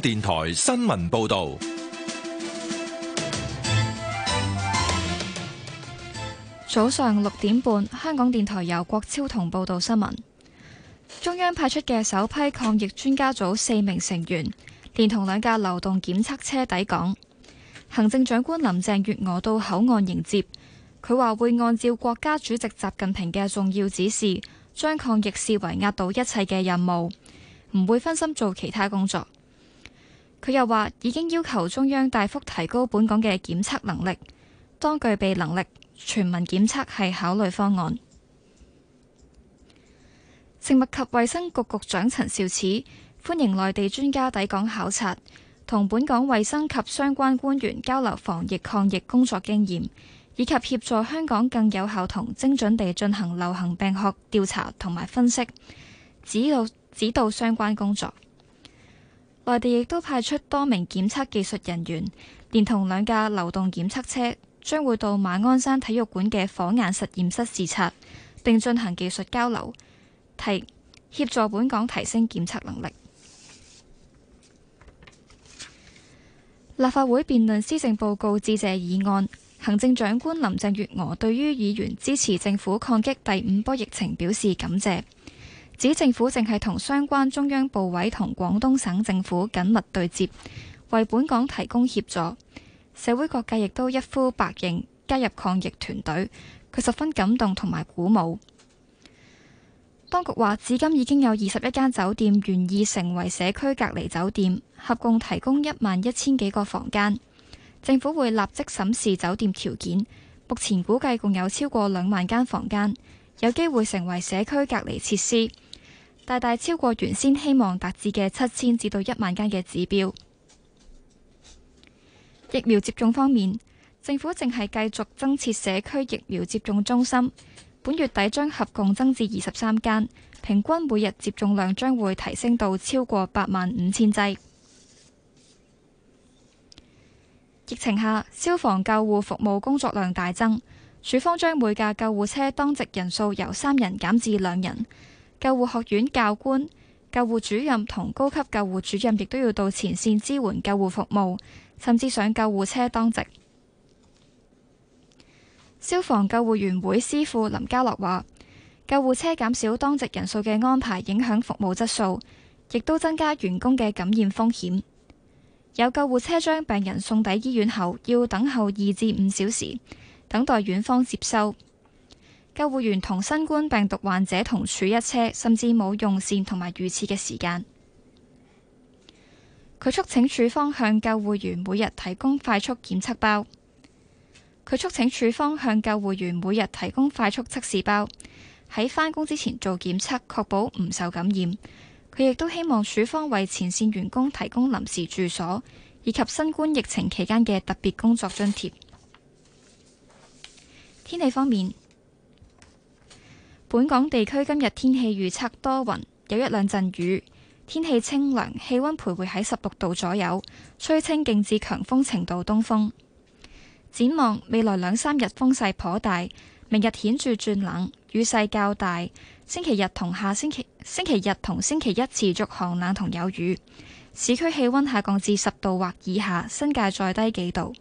電台新聞報道，早上六點半，香港電台由郭超同報道新聞。中央派出嘅首批抗疫專家組四名成員，連同兩架流動檢測車抵港。行政長官林鄭月娥到口岸迎接，佢話會按照國家主席習近平嘅重要指示，將抗疫視為壓倒一切嘅任務，唔會分心做其他工作。佢又話：已經要求中央大幅提高本港嘅檢測能力，當具備能力，全民檢測係考慮方案。食物及衛生局局長陳肇始歡迎內地專家抵港考察，同本港衛生及相關官員交流防疫抗疫工作經驗，以及協助香港更有效同精準地進行流行病學調查同埋分析，指導指導相關工作。內地亦都派出多名檢測技術人員，連同兩架流動檢測車，將會到馬鞍山體育館嘅火眼實驗室視察，並進行技術交流，提協助本港提升檢測能力。立法會辯論施政報告致謝議案，行政長官林鄭月娥對於議員支持政府抗擊第五波疫情表示感謝。指政府正係同相關中央部委同廣東省政府緊密對接，為本港提供協助。社會各界亦都一呼百應，加入抗疫團隊，佢十分感動同埋鼓舞。當局話，至今已經有二十一間酒店願意成為社區隔離酒店，合共提供一萬一千幾個房間，政府會立即審視酒店條件，目前估計共有超過兩萬間房間，有機會成為社區隔離設施。大大超過原先希望達至嘅七千至到一萬間嘅指標。疫苗接種方面，政府正係繼續增設社區疫苗接種中心，本月底將合共增至二十三間，平均每日接種量將會提升到超過八萬五千劑。疫情下，消防救護服務工作量大增，處方將每架救護車當值人數由三人減至兩人。救護學院教官、救護主任同高級救護主任亦都要到前線支援救護服務，甚至上救護車當值。消防救護員會師傅林家樂話，救護車減少當值人數嘅安排，影響服務質素，亦都增加員工嘅感染風險。有救護車將病人送抵醫院後，要等候二至五小時，等待院方接收。救護員同新冠病毒患者同處一車，甚至冇用膳同埋如廁嘅時間。佢促請處方向救護員每日提供快速檢測包。佢促請處方向救護員每日提供快速測試包，喺返工之前做檢測，確保唔受感染。佢亦都希望處方為前綫員工提供臨時住所，以及新冠疫情期間嘅特別工作津貼。天氣方面。本港地區今日天氣預測多雲，有一兩陣雨，天氣清涼，氣温徘徊喺十六度左右，吹清勁至強風程度東風。展望未來兩三日風勢頗大，明日顯著轉冷，雨勢較大。星期日同下星期，星期日同星期一持續寒冷同有雨，市區氣温下降至十度或以下，新界再低幾度。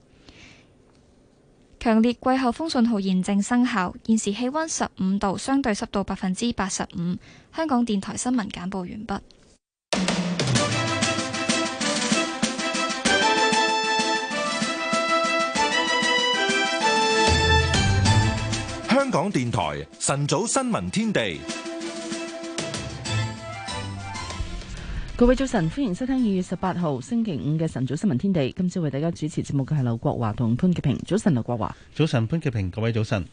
強烈季候風信號現正生效。現時氣溫十五度，相對濕度百分之八十五。香港電台新聞簡報完畢。香港電台晨早新聞天地。各位早晨，歡迎收聽二月十八號星期五嘅晨早新聞天地。今朝為大家主持節目嘅係劉國華同潘潔平。早晨，劉國華。早晨，潘潔平。各位早晨。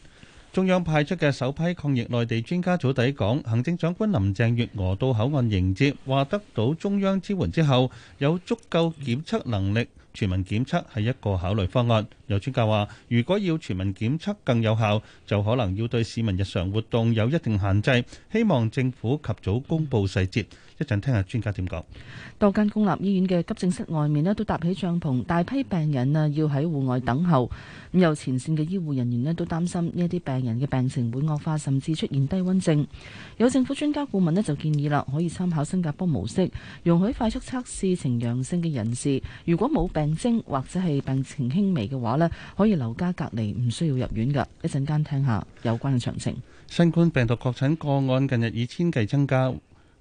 中央派出嘅首批抗疫內地專家組抵港，行政長官林鄭月娥到口岸迎接，話得到中央支援之後，有足夠檢測能力，全民檢測係一個考慮方案。有專家話，如果要全民檢測更有效，就可能要對市民日常活動有一定限制，希望政府及早公布細節。一陣聽下專家點講。多間公立醫院嘅急症室外面咧都搭起帳篷，大批病人啊要喺戶外等候。咁有前線嘅醫護人員咧都擔心呢一啲病人嘅病情會惡化，甚至出現低溫症。有政府專家顧問咧就建議啦，可以參考新加坡模式，容許快速測試呈陽性嘅人士，如果冇病徵或者係病情輕微嘅話咧，可以留家隔離，唔需要入院㗎。一陣間聽下有關嘅詳情。新冠病毒確診個案近日以千計增加。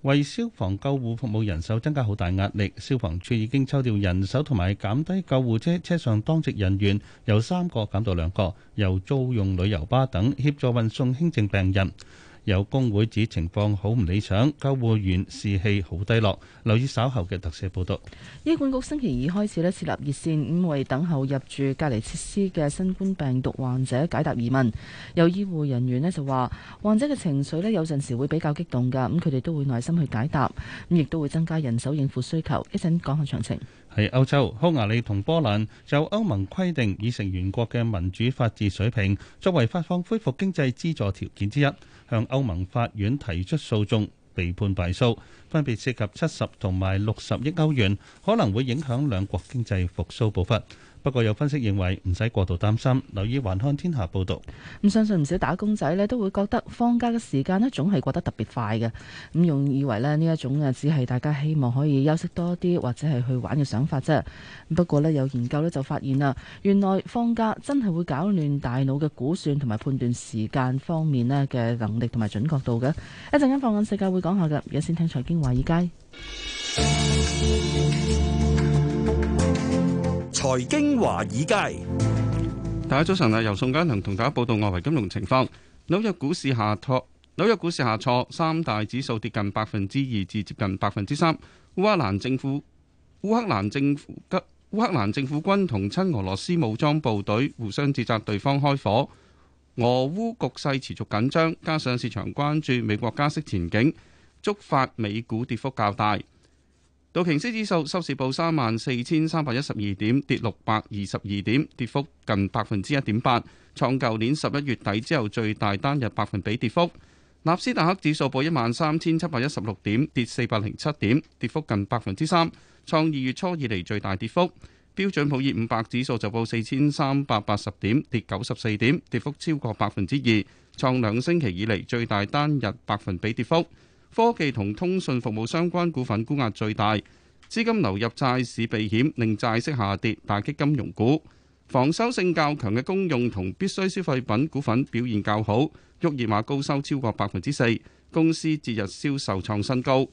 為消防救護服務人手增加好大壓力，消防處已經抽調人手同埋減低救護車車上當值人員由三個減到兩個，由租用旅遊巴等協助運送輕症病人。有工會指情況好唔理想，救護員士氣好低落。留意稍後嘅特寫報導。醫管局星期二開始咧設立熱線，為等候入住隔離設施嘅新冠病毒患者解答疑問。有醫護人員咧就話，患者嘅情緒咧有陣時會比較激動㗎，咁佢哋都會耐心去解答，咁亦都會增加人手應付需求。一陣講下詳情。喺歐洲，匈牙利同波蘭就歐盟規定以成員國嘅民主法治水平作為發放恢復經濟資助條件之一，向歐盟法院提出訴訟，被判敗訴，分別涉及七十同埋六十億歐元，可能會影響兩國經濟復甦步伐。不過有分析認為唔使過度擔心，留意《環看天下》報道。咁相信唔少打工仔咧都會覺得放假嘅時間咧總係過得特別快嘅，咁容易以為咧呢一種啊只係大家希望可以休息多啲或者係去玩嘅想法啫。不過咧有研究咧就發現啦，原來放假真係會搞亂大腦嘅估算同埋判斷時間方面咧嘅能力同埋準確度嘅。一陣間放眼世界會講下噶，而家先聽財經華爾街。 財經華爾街，大家早晨啊！由宋嘉良同大家報道外圍金融情況。紐約股市下挫，紐約股市下挫，三大指數跌近百分之二至接近百分之三。烏克蘭政府、烏克蘭政府烏克蘭政府軍同親俄羅斯武裝部隊互相指責對方開火，俄烏局勢持續緊張。加上市場關注美國加息前景，觸發美股跌幅較大。道瓊斯指數收市報三萬四千三百一十二點，跌六百二十二點，跌幅近百分之一點八，創舊年十一月底之後最大單日百分比跌幅。納斯達克指數報一萬三千七百一十六點，跌四百零七點，跌幅近百分之三，創二月初以嚟最大跌幅。標準普爾五百指數就報四千三百八十點，跌九十四點，跌幅超過百分之二，創兩星期以嚟最大單日百分比跌幅。科技同通訊服務相關股份沽壓最大，資金流入債市避險，令債息下跌，打擊金融股。防守性較強嘅公用同必需消費品股份表現較好，沃爾瑪高收超過百分之四，公司節日銷售創新高。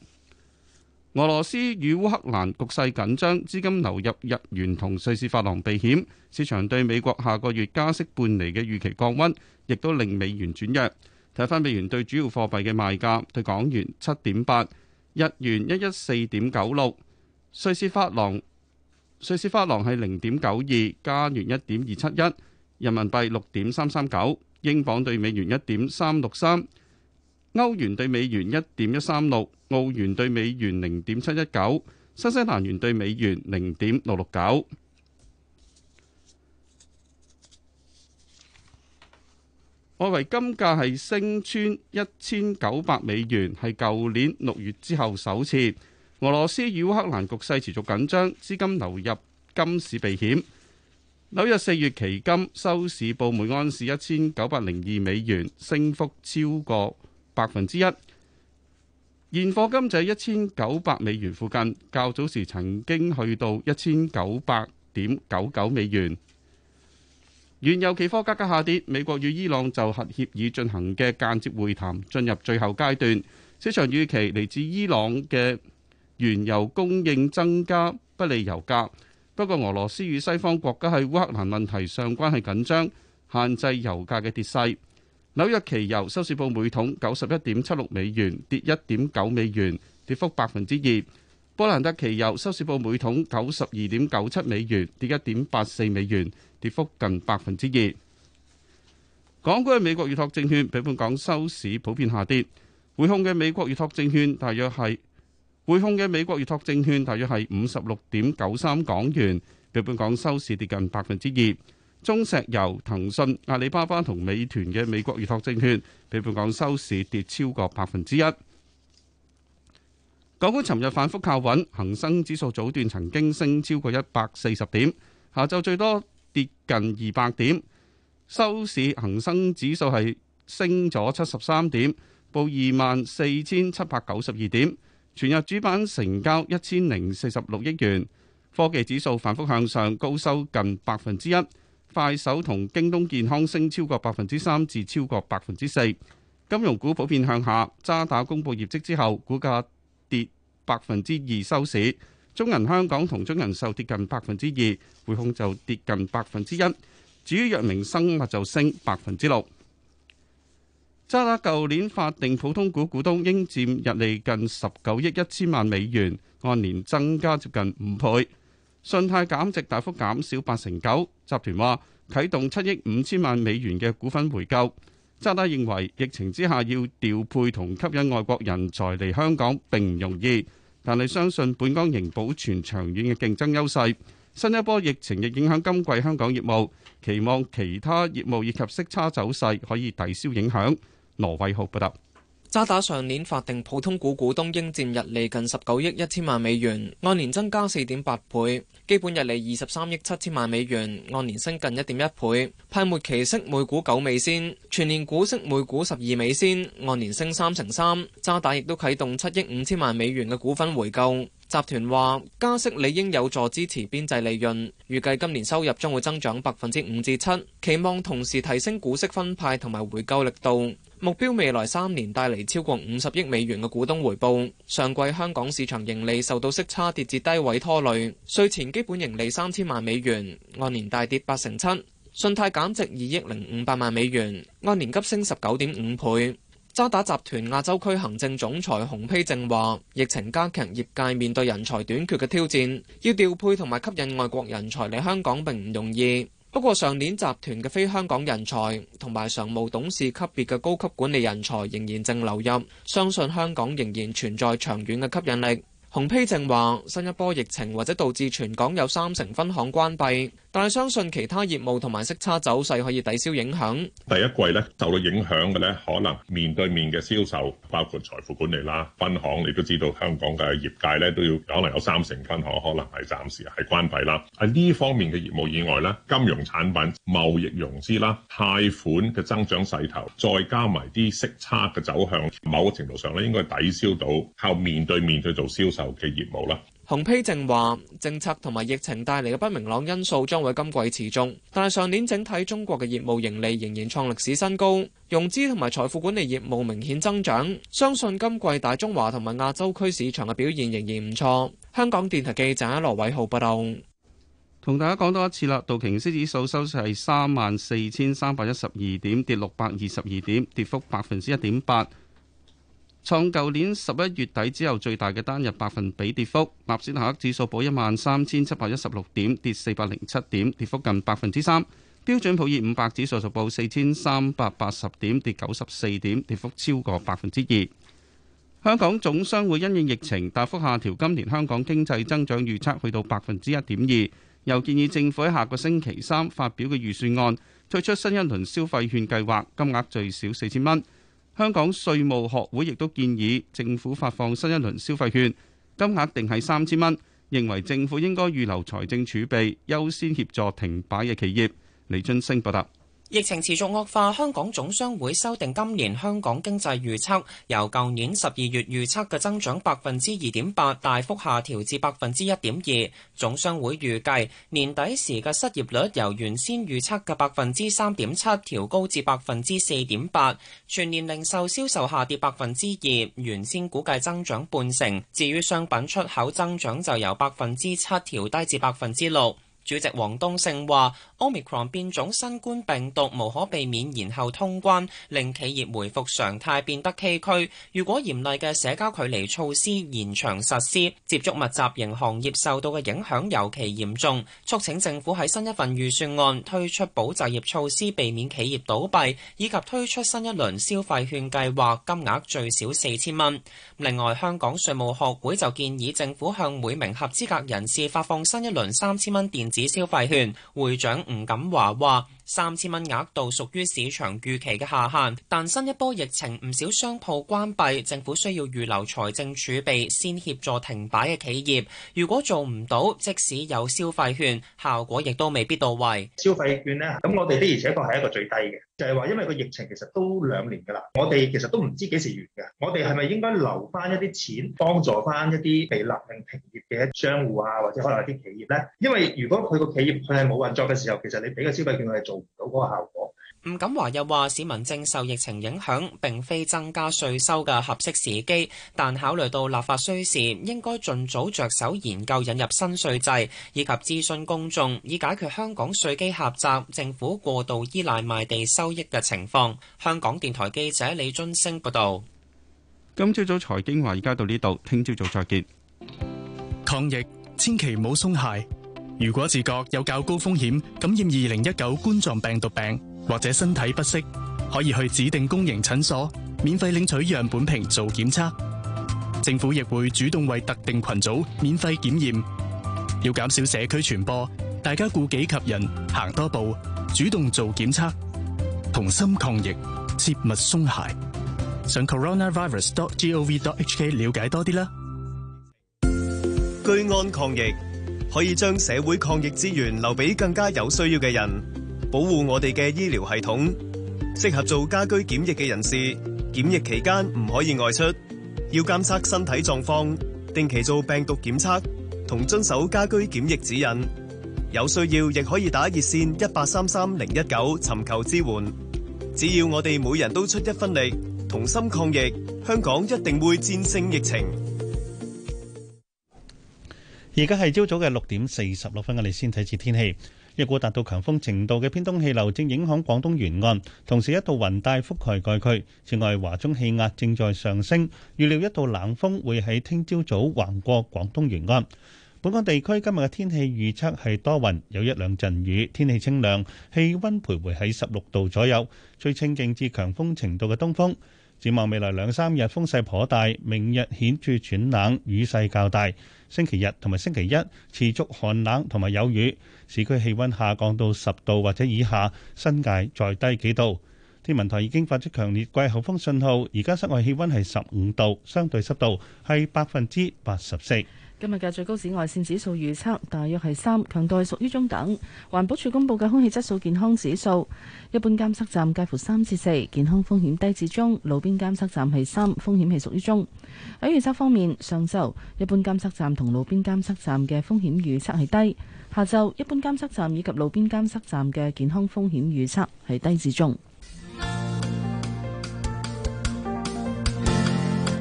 俄羅斯與烏克蘭局勢緊張，資金流入日元同瑞士法郎避險，市場對美國下個月加息半厘嘅預期降溫，亦都令美元轉弱。睇返美元對主要貨幣嘅賣價，對港元七點八，日元一一四點九六，瑞士法郎瑞士法郎係零點九二，加元一點二七一，人民幣六點三三九，英鎊對美元一點三六三，歐元對美元一點一三六，澳元對美元零點七一九，新西蘭元對美元零點六六九。外圍金價係升穿一千九百美元，係舊年六月之後首次。俄羅斯與烏克蘭局勢持續緊張，資金流入金市避險。紐約四月期金收市報每安士一千九百零二美元，升幅超過百分之一。現貨金就係一千九百美元附近，較早時曾經去到一千九百點九九美元。原油期貨價格下跌，美國與伊朗就核協議進行嘅間接會談進入最後階段，市場預期嚟自伊朗嘅原油供應增加不利油價。不過，俄羅斯與西方國家喺烏克蘭問題上關係緊張，限制油價嘅跌勢。紐約期油收市報每桶九十一點七六美元，跌一點九美元，跌幅百分之二。布蘭特期油收市報每桶九十二點九七美元，跌一點八四美元。跌幅近百分之二。港股嘅美國預託證券比本港收市普遍下跌。匯控嘅美國預託證券大約係，匯控嘅美國預託證券大約係五十六點九三港元，比本港收市跌近百分之二。中石油、騰訊、阿里巴巴同美團嘅美國預託證券比本港收市跌超過百分之一。港股尋日反覆靠穩，恒生指數早段曾經升超過一百四十點，下晝最多，跌近二百點，收市恒生指數係升咗七十三點，報二萬四千七百九十二點。全日主板成交一千零四十六億元。科技指數反覆向上，高收近百分之一。快手同京東健康升超過百分之三至超過百分之四。金融股普遍向下。渣打公布業績之後，股價跌百分之二收市。中銀香港同中銀壽跌近百分之二，匯控就跌近百分之一。至於藥明生物就升百分之六。渣打舊年法定普通股股東應佔溢利近十九億一千萬美元，按年增加接近五倍。信貸減值大幅減少八成九，集團話啟動七億五千萬美元嘅股份回購。渣打認為疫情之下要調配同吸引外國人才嚟香港並唔容易。但係相信本港仍保存長遠嘅競爭優勢。新一波疫情亦影響今季香港業務，期望其他業務以及息差走勢可以抵消影響。羅偉浩報道。渣打上年法定普通股股東應佔日利近十九億一千萬美元，按年增加四點八倍；基本日利二十三億七千萬美元，按年升近一點一倍。派末期息每股九美仙，全年股息每股十二美仙，按年升三成三。渣打亦都啟動七億五千萬美元嘅股份回購。集團話加息理應有助支持邊際利潤，預計今年收入將會增長百分之五至七，7, 期望同時提升股息分派同埋回購力度。目標未來三年帶嚟，超過五十億美元嘅股東回報。上季香港市場盈利受到息差跌至低位拖累，稅前基本盈利三千萬美元，按年大跌八成七。信貸減值二億零五百萬美元，按年急升十九點五倍。渣打集團亞洲區行政總裁洪丕正話，疫情加強業界面對人才短缺嘅挑戰，要調配同埋吸引外國人才嚟香港並唔容易。不過上年集團嘅非香港人才同埋常務董事級別嘅高級管理人才仍然正流入，相信香港仍然存在長遠嘅吸引力。洪丕正話，新一波疫情或者導致全港有三成分行關閉。但係相信其他業務同埋息差走勢可以抵消影響。第一季咧受到影響嘅咧，可能面對面嘅銷售，包括財富管理啦、分行，你都知道香港嘅業界咧都要可能有三成分行可能係暫時係關閉啦。喺呢方面嘅業務以外咧，金融產品、貿易融資啦、貸款嘅增長勢頭，再加埋啲息差嘅走向，某個程度上咧應該抵消到靠面對面去做銷售嘅業務啦。洪丕正話，政策同埋疫情帶嚟嘅不明朗因素將會今季持續，但係上年整體中國嘅業務盈利仍然創歷史新高，融資同埋財富管理業務明顯增長，相信今季大中華同埋亞洲區市場嘅表現仍然唔錯。香港電台記者羅偉浩報道，同大家講多一次啦，道瓊斯指數收市係三萬四千三百一十二點，跌六百二十二點，跌幅百分之一點八。創舊年十一月底之後最大嘅單日百分比跌幅。納斯達克指數報一萬三千七百一十六點，跌四百零七點，跌幅近百分之三。標準普爾五百指數就報四千三百八十點，跌九十四點，跌幅超過百分之二。香港總商會因應疫情大幅下調今年香港經濟增長預測，去到百分之一點二，又建議政府喺下個星期三發表嘅預算案，推出新一輪消費券計劃，金額最少四千蚊。香港稅務學會亦都建議政府發放新一輪消費券，金額定係三千蚊，認為政府應該預留財政儲備，優先協助停擺嘅企業。李俊升報道。疫情持續惡化，香港總商會修訂今年香港經濟預測，由舊年十二月預測嘅增長百分之二點八大幅下調至百分之一點二。總商會預計，年底時嘅失業率由原先預測嘅百分之三點七調高至百分之四點八，全年零售銷售下跌百分之二，原先估計增長半成。至於商品出口增長就由百分之七調低至百分之六。主席王東勝話，Omicron 變種新冠病毒無可避免延後通關，令企業回復常態變得崎嶇。如果嚴厲嘅社交距離措施延長實施，接觸密集型行業受到嘅影響尤其嚴重。促請政府喺新一份預算案推出保就業措施，避免企業倒閉，以及推出新一輪消費券計劃，金額最少四千蚊。另外，香港稅務學會就建議政府向每名合資格人士發放新一輪三千蚊電子。消費券，會長吳錦華話。三千蚊額度屬於市場預期嘅下限，但新一波疫情唔少商鋪關閉，政府需要預留財政儲備，先協助停擺嘅企業。如果做唔到，即使有消費券，效果亦都未必到位。消費券呢，咁我哋的而且確係一個最低嘅，就係話因為個疫情其實都兩年㗎啦，我哋其實都唔知幾時完㗎。我哋係咪應該留翻一啲錢幫助翻一啲被勒令停業嘅商戶啊，或者可能一啲企業呢？因為如果佢個企業佢係冇運作嘅時候，其實你俾個消費券佢嚟做。效果。吳錦華又話，市民正受疫情影響，並非增加稅收嘅合適時機，但考慮到立法需時，應該盡早着手研究引入新稅制，以及諮詢公眾，以解決香港稅基狹窄、政府過度依賴賣地收益嘅情況。香港電台記者李俊升報道。今朝早財經話而家到呢度，聽朝早再見。抗疫，千祈唔好鬆懈。如果自覺有較高風險感染二零一九冠狀病毒病，或者身體不適，可以去指定公營診所免費領取樣本瓶做檢測。政府亦會主動為特定群組免費檢驗。要減少社區傳播，大家顧己及人，行多步，主動做檢測，同心抗疫，切勿鬆懈。上 coronavirus.gov.hk 瞭解多啲啦。居安抗疫。可以將社會抗疫資源留俾更加有需要嘅人，保護我哋嘅醫療系統。適合做家居檢疫嘅人士，檢疫期間唔可以外出，要監測身體狀況，定期做病毒檢測，同遵守家居檢疫指引。有需要亦可以打熱線1833019而家係朝早嘅六點四十六分，我哋先睇次天氣。一股達到強風程度嘅偏東氣流正影響廣東沿岸，同時一道雲帶覆蓋該區。此外，華中氣壓正在上升，預料一道冷鋒會喺聽朝早橫過廣東沿岸。本港地區今日嘅天氣預測係多雲，有一兩陣雨，天氣清涼，氣溫徘徊喺十六度左右，吹清勁至強風程度嘅東風。展望未來兩三日風勢頗大，明日顯著轉冷，雨勢較大。星期日同埋星期一持續寒冷同埋有雨，市區氣温下降到十度或者以下，新界再低幾度。天文台已經發出強烈季候風信號，而家室外氣温係十五度，相對濕度係百分之八十四。今日嘅最高紫外線指數預測大約係三，強度係屬於中等。環保署公布嘅空氣質素健康指數，一般監測站介乎三至四，健康風險低至中；路邊監測站係三，風險係屬於中。喺預測方面，上晝一般監測站同路邊監測站嘅風險預測係低；下晝一般監測站以及路邊監測站嘅健康風險預測係低至中。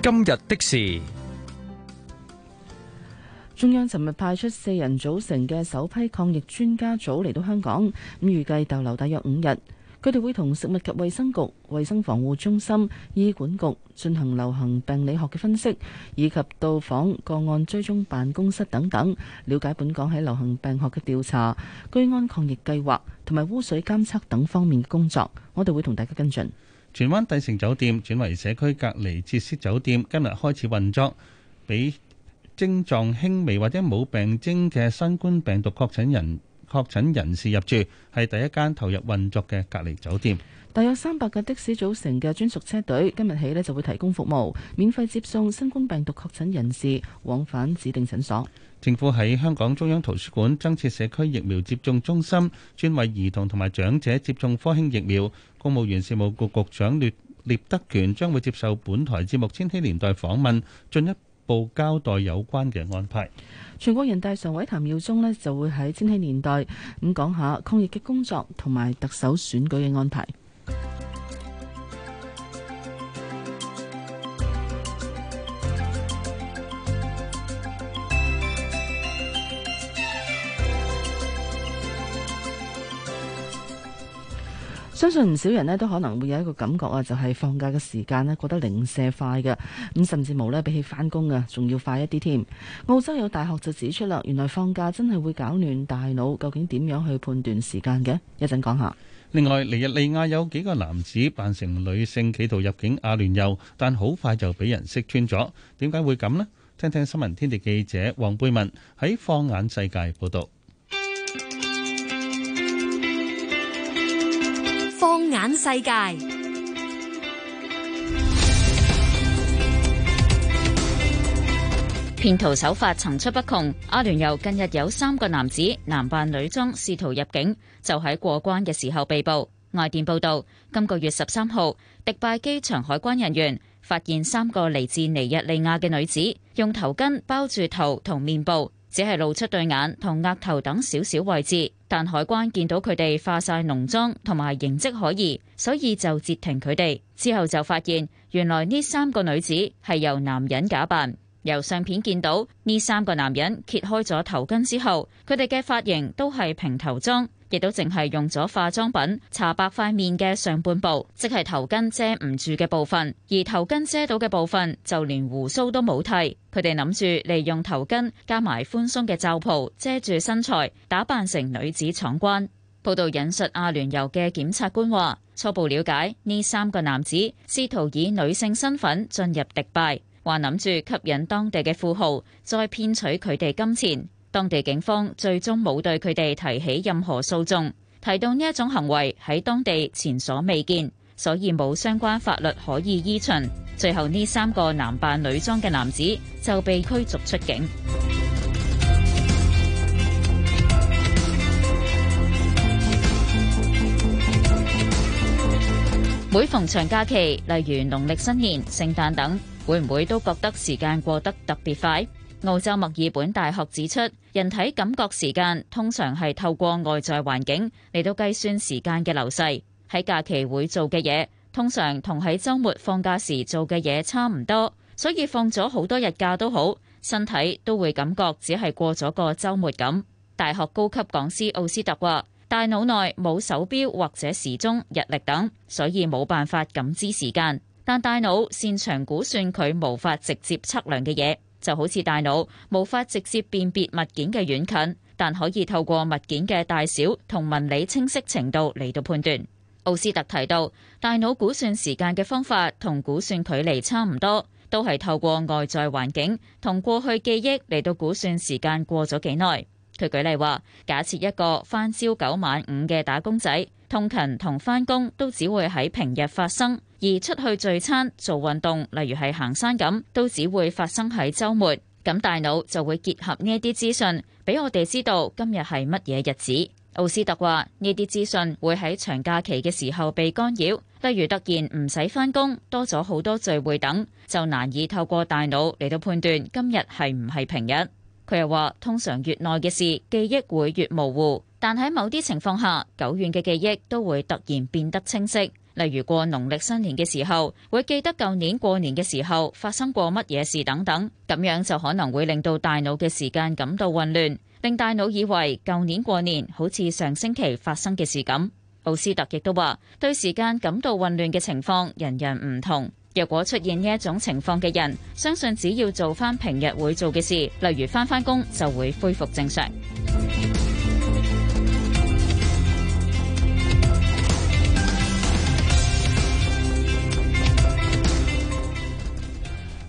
今日的事。中央尋日派出四人組成嘅首批抗疫專家組嚟到香港，咁預計逗留大約五日。佢哋會同食物及衛生局、衛生防護中心、醫管局進行流行病理學嘅分析，以及到訪個案追蹤辦公室等等，了解本港喺流行病學嘅調查、居安抗疫計劃同埋污水監測等方面嘅工作。我哋會同大家跟進。荃灣帝城酒店轉為社區隔離設施酒店，今日開始運作，俾，症狀輕微或者冇病徵嘅新冠病毒確診人確診人士入住，係第一間投入運作嘅隔離酒店。大約三百個的士組成嘅專屬車隊，今日起呢就會提供服務，免費接送新冠病毒確診人士往返指定診所。政府喺香港中央圖書館增設社區疫苗接種中心，專為兒童同埋長者接種科興疫苗。公務員事務局局長聶德權將會接受本台節目《千禧年代》訪問，進一步。部交代有關嘅安排。全國人大常委譚耀宗，咧就會喺千禧年代咁，講下抗疫嘅工作同埋特首選舉嘅安排。相信唔少人呢都可能會有一個感覺啊，就係放假嘅時間呢，覺得零舍快嘅，咁甚至無咧比起翻工㗎仲要快一啲添。澳洲有大學就指出啦，原來放假真係會搞亂大腦，究竟點樣去判斷時間嘅？講一陣講下。另外，尼日利亞有幾個男子扮成女性企圖入境阿聯酋，但好快就俾人識穿咗。點解會咁呢？聽聽新聞天地記者黃貝文喺放眼世界報道。眼世界騙徒手法層出不窮。阿聯酋近日有三個男子男扮女裝試圖入境，就喺過關嘅時候被捕。外電報道，今個月十三號，迪拜機場海關人員發現三個嚟自尼日利亞嘅女子用頭巾包住頭同面部。只係露出對眼同額頭等少少位置，但海關見到佢哋化晒濃妝同埋形跡可疑，所以就截停佢哋。之後就發現原來呢三個女子係由男人假扮。由相片見到，呢三個男人揭開咗頭巾之後，佢哋嘅髮型都係平頭裝，亦都淨係用咗化妝品擦白塊面嘅上半部，即係頭巾遮唔住嘅部分。而頭巾遮到嘅部分，就連鬍鬚都冇剃。佢哋諗住利用頭巾加埋寬鬆嘅罩袍遮住身材，打扮成女子闖關。報道引述阿聯酋嘅檢察官話：初步了解，呢三個男子試圖以女性身份進入迪拜。話諗住吸引當地嘅富豪，再騙取佢哋金錢。當地警方最終冇對佢哋提起任何訴訟。提到呢一種行為喺當地前所未見，所以冇相關法律可以依循。最後呢三個男扮女裝嘅男子就被驅逐出境。 每逢長假期，例如農曆新年、聖誕等。會唔會都覺得時間過得特別快？澳洲墨爾本大學指出，人體感覺時間通常係透過外在環境嚟到計算時間嘅流逝。喺假期會做嘅嘢通常同喺周末放假時做嘅嘢差唔多，所以放咗好多日假都好，身體都會感覺只係過咗個周末咁。大學高級講師奧斯特話，大腦內冇手錶或者時鐘、日曆等，所以冇辦法感知時間。但大腦擅長估算佢無法直接測量嘅嘢，就好似大腦無法直接辨別物件嘅遠近，但可以透過物件嘅大小同紋理清晰程度嚟到判斷。奧斯特提到，大腦估算時間嘅方法同估算距離差唔多，都係透過外在環境同過去記憶嚟到估算時間過咗幾耐。佢舉例話，假設一個返朝九晚五嘅打工仔。通勤同翻工都只會喺平日發生，而出去聚餐、做運動，例如係行山咁，都只會發生喺週末。咁大腦就會結合呢啲資訊，俾我哋知道今日係乜嘢日子。奧斯特話：呢啲資訊會喺長假期嘅時候被干擾，例如突然唔使翻工，多咗好多聚會等，就難以透過大腦嚟到判斷今日係唔係平日。佢又話：通常越耐嘅事，記憶會越模糊。但喺某啲情況下，久遠嘅記憶都會突然變得清晰，例如過農曆新年嘅時候，會記得舊年過年嘅時候發生過乜嘢事等等，咁樣就可能會令到大腦嘅時間感到混亂，令大腦以為舊年過年好似上星期發生嘅事咁。奧斯特亦都話，對時間感到混亂嘅情況，人人唔同。若果出現呢一種情況嘅人，相信只要做返平日會做嘅事，例如返返工，就會恢復正常。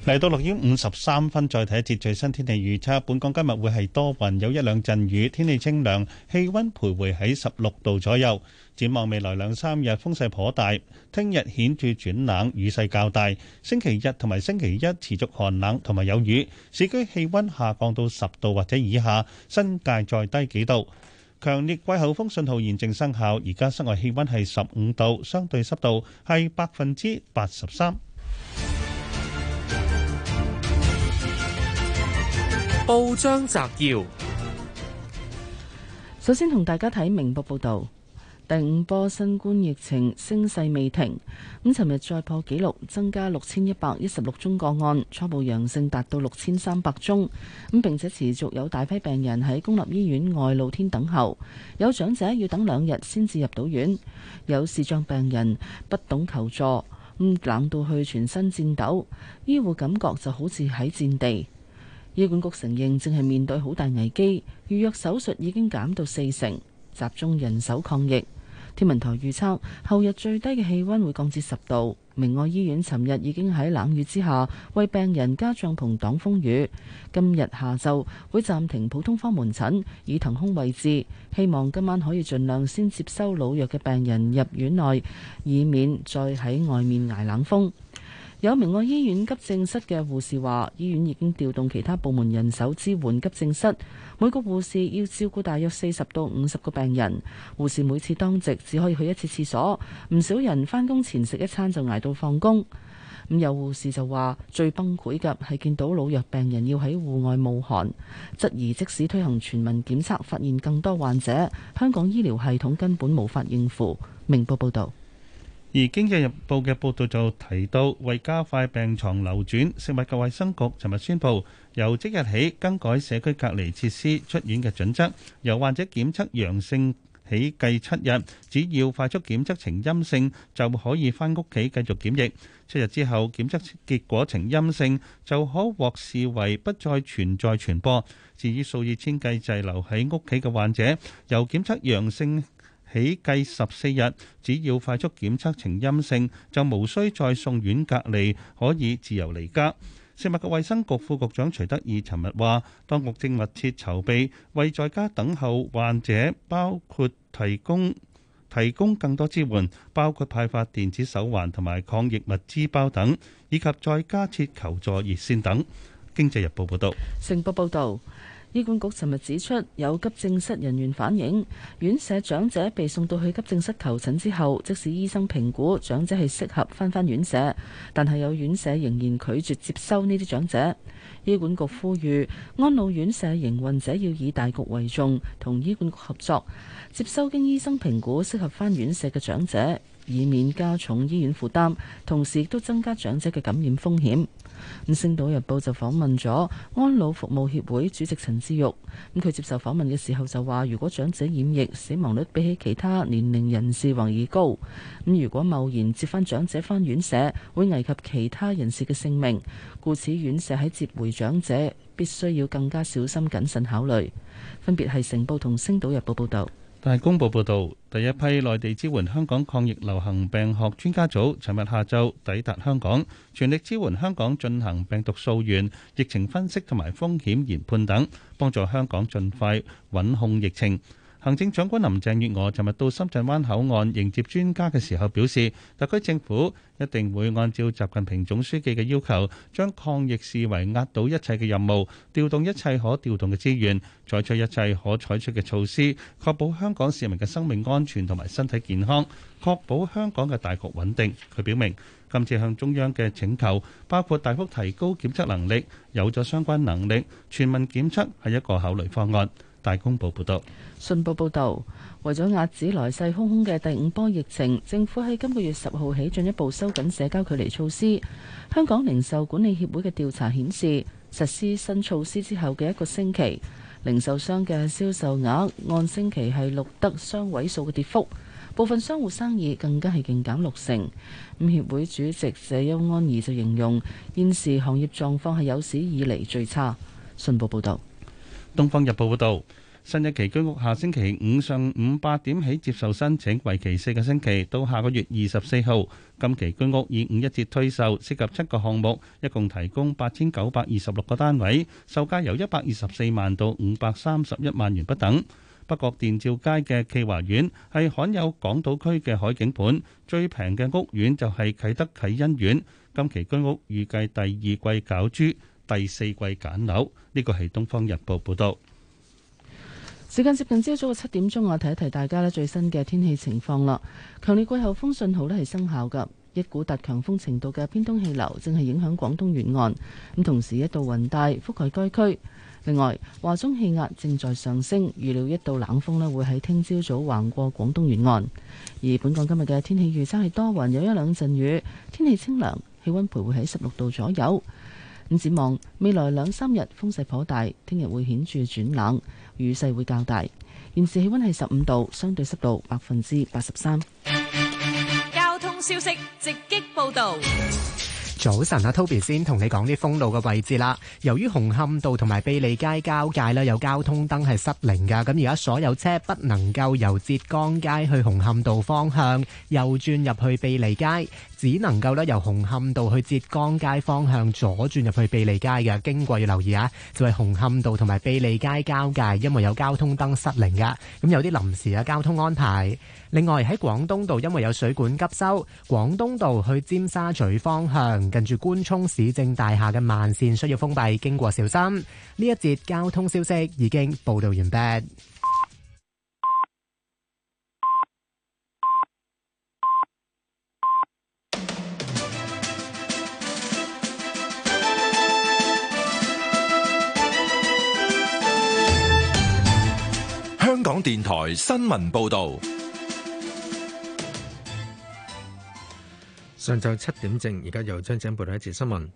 嚟到六點五十三分，再睇一節最新天氣預測。本港今日會係多雲，有一兩陣雨，天氣清涼，氣溫徘徊喺十六度左右。展望未來兩三日，風勢頗大，聽日顯著轉冷，雨勢較大。星期日同埋星期一持續寒冷，同埋有雨，市區氣溫下降到十度或者以下，新界再低幾度。強烈季候風信號現正生效，而家室外氣溫係十五度，相對濕度係百分之八十三。報章摘要，首先同大家睇明報報道，第五波新冠疫情升勢未停，咁尋日再破紀錄，增加六千一百一十六宗個案，初步陽性達到六千三百宗，咁並且持續有大批病人喺公立醫院外露天等候，有長者要等兩日先至入到院，有視障病人不懂求助，冷到去全身顫抖，醫護感覺就好似喺戰地。醫管局承認正係面對好大危機，預約手術已經減到四成，集中人手抗疫。天文台預測後日最低嘅氣溫會降至十度。明愛醫院尋日已經喺冷雨之下為病人加帳篷擋風雨。今日下晝會暫停普通科門診以騰空位置，希望今晚可以盡量先接收老弱嘅病人入院內，以免再喺外面捱冷風。有明愛醫院急症室嘅護士話，醫院已經調動其他部門人手支援急症室，每個護士要照顧大約四十到五十個病人。護士每次當值只可以去一次廁所，唔少人返工前食一餐就捱到放工。咁有護士就話，最崩潰嘅係見到老弱病人要喺戶外冒寒，質疑即使推行全民檢測，發現更多患者，香港醫療系統根本無法應付。明報報導。而《經濟日報》嘅報道就提到，為加快病床流轉，食物及衛生局尋日宣布，由即日起更改社區隔離設施出院嘅準則，由患者檢測陽性起計七日，只要快速檢測呈陰性就可以翻屋企繼續檢疫。七日之後檢測結果呈陰性，就可獲視為不再存在傳播。至於數以千計滯留喺屋企嘅患者，由檢測陽性起計十四日，只要快速檢測呈陰性，就無需再送院隔離，可以自由離家。食物及衛生局副局長徐德義尋日話，當局正密切籌備，為在家等候患者包括提供提供更多支援，包括派發電子手環同埋抗疫物資包等，以及在家設求助熱線等。經濟日報報道。城報報導。醫管局尋日指出，有急症室人員反映，院舍長者被送到去急症室求診之後，即使醫生評估長者係適合翻返院舍，但係有院舍仍然拒絕接收呢啲長者。醫管局呼籲，安老院舍營運者要以大局為重，同醫管局合作，接收經醫生評估適合返院舍嘅長者。以免加重醫院負擔，同時亦都增加長者嘅感染風險。咁《星島日報》就訪問咗安老服務協會主席陳志玉。咁佢接受訪問嘅時候就話：如果長者染疫，死亡率比起其他年齡人士而言高。咁如果貿然接翻長者返院舍，會危及其他人士嘅性命，故此院舍喺接回長者必須要更加小心謹慎考慮。分別係《成報》同《星島日報》報導。但係，大公報報導，第一批內地支援香港抗疫流行病學專家組，尋日下晝抵達香港，全力支援香港進行病毒溯源、疫情分析同埋風險研判等，幫助香港盡快穩控疫情。行政長官林鄭月娥尋日到深圳灣口岸迎接專家嘅時候表示，特區政府一定會按照習近平總書記嘅要求，將抗疫視為壓倒一切嘅任務，調動一切可調動嘅資源，採取一切可採取嘅措施，確保香港市民嘅生命安全同埋身體健康，確保香港嘅大局穩定。佢表明，今次向中央嘅請求包括大幅提高檢測能力，有咗相關能力，全民檢測係一個考慮方案。大公報報道，信報報道，為咗遏止來勢洶洶嘅第五波疫情，政府喺今個月十號起進一步收緊社交距離措施。香港零售管理協會嘅調查顯示，實施新措施之後嘅一個星期，零售商嘅銷售額按星期係錄得雙位數嘅跌幅，部分商戶生意更加係勁減，減六成。咁協會主席謝邱安儀就形容現時行業狀況係有史以嚟最差。信報報道。《東方日報》報導，新一期居屋下星期五上午八點起接受申請，為期四個星期，到下個月二十四號。今期居屋以五一折推售，涉及七個項目，一共提供八千九百二十六個單位，售價由一百二十四萬到五百三十一萬元不等。北角電照街嘅暨華苑係罕有港島區嘅海景盤，最平嘅屋苑就係啟德啟恩苑。今期居屋預計第二季攪珠。第四季簡樓，呢個係《東方日報》報道。時間接近朝早嘅七點鐘，我提一提大家咧最新嘅天氣情況啦。強烈季候風信號咧係生效噶，一股達強風程度嘅偏東氣流正係影響廣東沿岸，咁同時一道雲帶覆蓋該區。另外，華中氣壓正在上升，預料一道冷鋒咧會喺聽朝早橫過廣東沿岸。而本港今日嘅天氣預測係多雲，有一兩陣雨，天氣清涼，氣温徘徊喺十六度左右。展望未來兩三日風勢頗大，聽日會顯著轉冷，雨勢會較大。現時氣温係十五度，相對濕度百分之八十三。交通消息直擊報道。早晨啊，Toby 先同你講啲封路嘅位置啦。由於紅磡道同埋貝利街交界咧有交通燈係失靈噶，咁而家所有車不能夠由浙江街去紅磡道方向右轉入去貝利街，只能夠咧由紅磡道去浙江街方向左轉入去貝利街嘅。經過要留意啊，就係紅磡道同埋貝利街交界，因為有交通燈失靈噶，咁有啲臨時嘅交通安排。另外喺廣東道，因為有水管急修，廣東道去尖沙咀方向近住官涌市政大廈嘅慢線需要封閉，經過小心。呢一節交通消息已經報道完畢。香港電台新聞報道。上晝七點正，而家由張井報道一節新聞。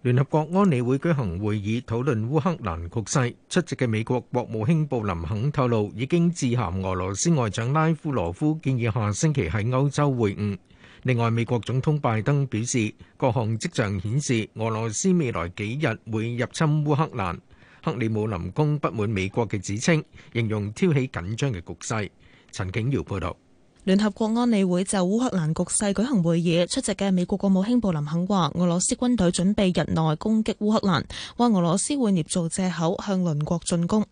聯合國安理會舉行會議，討論烏克蘭局勢。出席嘅美國國務卿布林肯透露，已經致函俄羅斯外長拉夫羅夫，建議下星期喺歐洲會晤。另外，美國總統拜登表示，各項跡象顯示俄羅斯未來幾日會入侵烏克蘭。克里姆林宮不滿美國嘅指稱，形容挑起緊張嘅局勢。陳景堯報道。聯合國安理會就烏克蘭局勢舉行會議，出席嘅美國國務卿布林肯話，俄羅斯軍隊準備日內攻擊烏克蘭，話俄羅斯會捏造借口向鄰國進攻。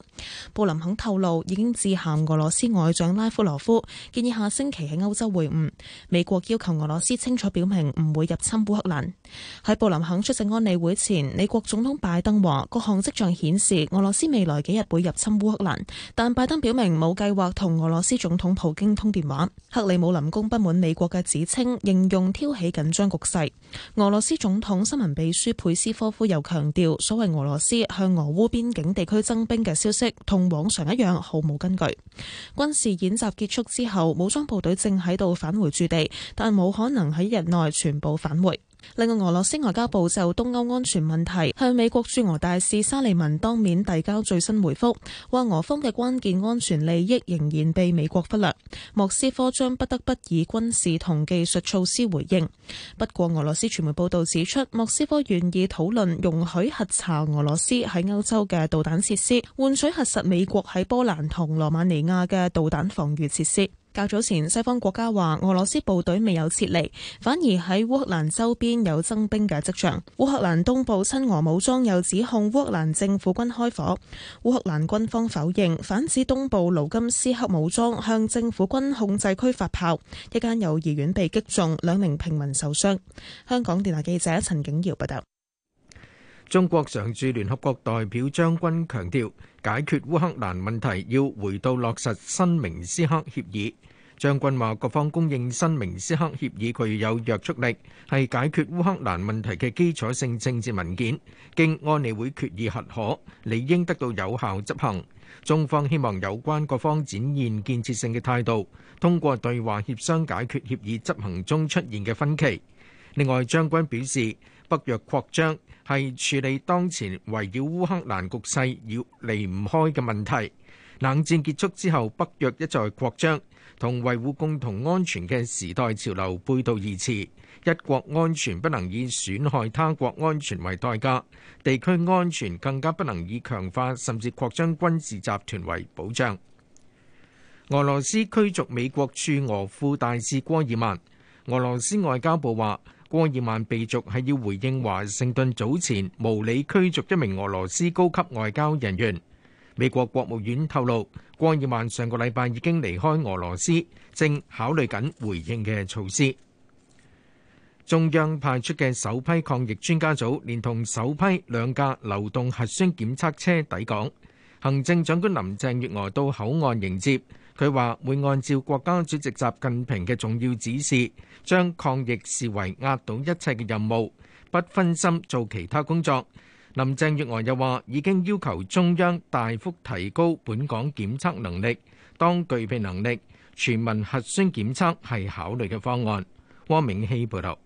布林肯透露已經致函俄羅斯外長拉夫羅夫，建議下星期喺歐洲會晤。美國要求俄羅斯清楚表明唔會入侵烏克蘭。喺布林肯出席安理會前，美國總統拜登話各項跡象顯示俄羅斯未來幾日會入侵烏克蘭，但拜登表明冇計劃同俄羅斯總統普京通電話。克里姆林宮不滿美國嘅指稱，形容挑起緊張局勢。俄羅斯總統新聞秘書佩斯科夫又強調，所謂俄羅斯向俄烏邊境地區增兵嘅消息，同往常一樣毫無根據。軍事演習結束之後，武裝部隊正喺度返回駐地，但冇可能喺日內全部返回。另外，俄羅斯外交部就東歐安全問題向美國駐俄大使沙利文當面遞交最新回覆，話俄方嘅關鍵安全利益仍然被美國忽略，莫斯科將不得不以軍事同技術措施回應。不過，俄羅斯傳媒報道指出，莫斯科願意討論容許核查俄羅斯喺歐洲嘅導彈設施，換取核實美國喺波蘭同羅馬尼亞嘅導彈防禦設施。較早前，西方國家話俄羅斯部隊未有撤離，反而喺烏克蘭周邊有增兵嘅跡象。烏克蘭東部親俄武裝又指控烏克蘭政府軍開火，烏克蘭軍方否認反指東部盧金斯克武裝向政府軍控制區發炮，一間幼兒園被擊中，兩名平民受傷。香港電台記者陳景瑤報道。中國常駐聯合國代表張軍強調，解決烏克蘭問題要回到落實新明斯克協議。張軍話：各方公認新明斯克協議具有約束力，係解決烏克蘭問題嘅基礎性政治文件，經安理會決議核可，理應得到有效執行。中方希望有關各方展現建設性嘅態度，通過對話協商解決協議執行中出現嘅分歧。另外，張軍表示，北約擴張係處理當前圍繞烏克蘭局勢要離唔開嘅問題。冷戰結束之後，北約一再擴張。同維護共同安全嘅時代潮流背道而馳，一國安全不能以損害他國安全為代價，地區安全更加不能以強化甚至擴張軍事集團為保障。俄羅斯驅逐美國駐俄副大使戈爾曼，俄羅斯外交部話，戈爾曼被逐係要回應華盛頓早前無理驅逐一名俄羅斯高級外交人員。美國國務院透露，戈爾曼上個禮拜已經離開俄羅斯，正考慮緊回應嘅措施。中央派出嘅首批抗疫專家組，連同首批兩架流動核酸檢測車抵港。行政長官林鄭月娥到口岸迎接，佢話會按照國家主席習近平嘅重要指示，將抗疫視為壓倒一切嘅任務，不分心做其他工作。林鄭月娥又話：已經要求中央大幅提高本港檢測能力，當具備能力，全民核酸檢測係考慮嘅方案。汪明希報道，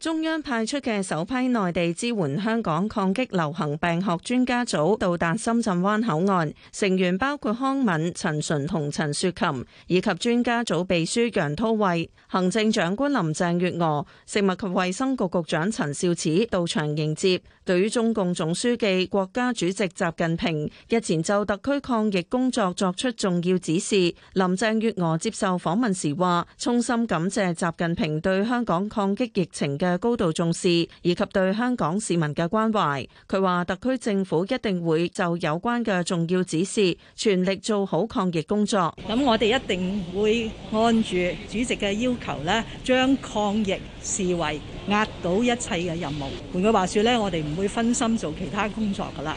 中央派出嘅首批內地支援香港抗擊流行病學專家組到達深圳灣口岸，成員包括康敏、陳純同陳雪琴，以及專家組秘書楊滔慧。行政長官林鄭月娥、食物及衛生局局長陳肇始到場迎接。對於中共總書記國家主席習近平日前就特區抗疫工作作出重要指示，林鄭月娥接受訪問時話，衷心感謝習近平對香港抗擊疫情嘅高度重視，以及對香港市民嘅關懷，佢話，特區政府一定會就有關嘅重要指示，全力做好抗疫工作。咁我哋一定會按住主席嘅要求啦，將抗疫視為壓倒一切嘅任務，換句話說咧，我哋唔會分心做其他工作㗎喇，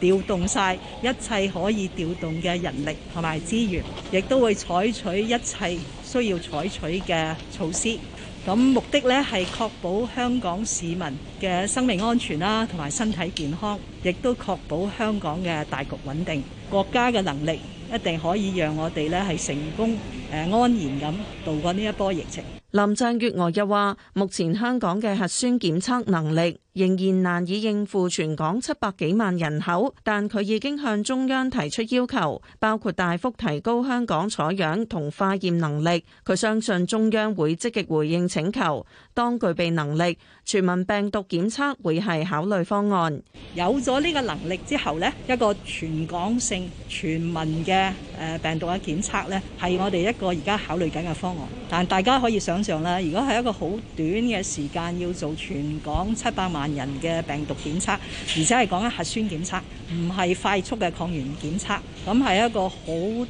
調動晒一切可以調動嘅人力同埋資源，亦都會採取一切需要採取嘅措施。咁目的咧係確保香港市民嘅生命安全啦，同埋身體健康，亦都確保香港嘅大局穩定，國家嘅能力。一定可以讓我哋咧係成功誒安然咁度過呢一波疫情。林鄭月娥又話，目前香港嘅核酸檢測能力。仍然難以應付全港七百幾萬人口，但佢已經向中央提出要求，包括大幅提高香港採樣同化驗能力。佢相信中央會積極回應請求。當具備能力，全民病毒檢測會係考慮方案。有咗呢個能力之後咧，一個全港性全民嘅誒病毒嘅檢測咧，係我哋一個而家考慮緊嘅方案。但大家可以想象啦，如果係一個好短嘅時間要做全港七百萬。萬人嘅病毒檢測，而且係講緊核酸檢測，唔係快速嘅抗原檢測，咁係一個好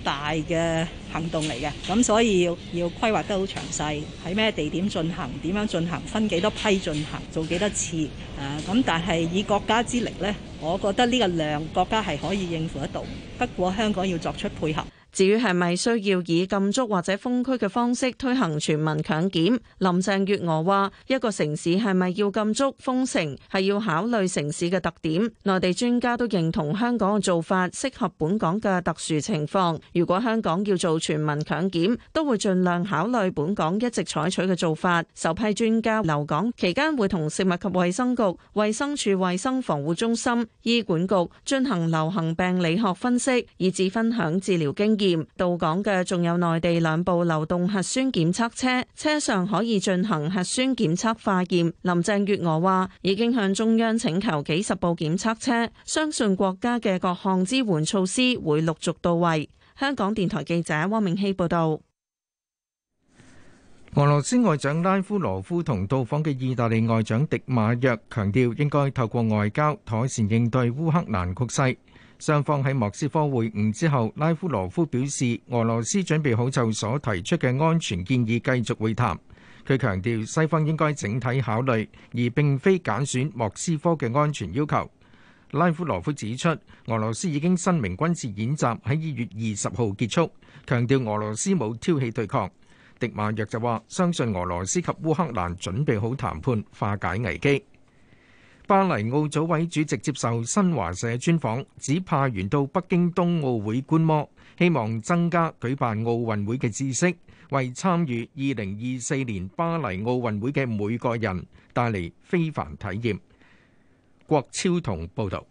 大嘅行動嚟嘅，咁所以要要規劃得好詳細，喺咩地點進行，點樣進行，分幾多批進行，做幾多次，誒，咁但係以國家之力呢，我覺得呢個量國家係可以應付得到，不過香港要作出配合。至於係咪需要以禁足或者封區嘅方式推行全民強檢？林鄭月娥話：一個城市係咪要禁足封城，係要考慮城市嘅特點。內地專家都認同香港嘅做法適合本港嘅特殊情況。如果香港要做全民強檢，都會盡量考慮本港一直採取嘅做法。首批專家留港期間會同食物及衛生局、衛生署、衞生防護中心、醫管局進行流行病理學分析，以至分享治療經驗。驗到港嘅仲有內地兩部流動核酸檢測車，車上可以進行核酸檢測化驗。林鄭月娥話：已經向中央請求幾十部檢測車，相信國家嘅各項支援措施會陸續到位。香港電台記者汪明熙報道。俄羅斯外長拉夫羅夫同到訪嘅意大利外長迪馬約強調，應該透過外交妥善應對烏克蘭局勢。雙方喺莫斯科會晤之後，拉夫羅夫表示，俄羅斯準備好就所提出嘅安全建議繼續會談。佢強調，西方應該整體考慮，而並非揀選莫斯科嘅安全要求。拉夫羅夫指出，俄羅斯已經申明軍事演習喺二月二十號結束，強調俄羅斯冇挑起對抗。迪馬約就話，相信俄羅斯及烏克蘭準備好談判化解危機。巴黎奧組委主席接受新華社專訪，只派員到北京冬奧會觀摩，希望增加舉辦奧運會嘅知識，為參與二零二四年巴黎奧運會嘅每個人帶嚟非凡體驗。郭超同報道。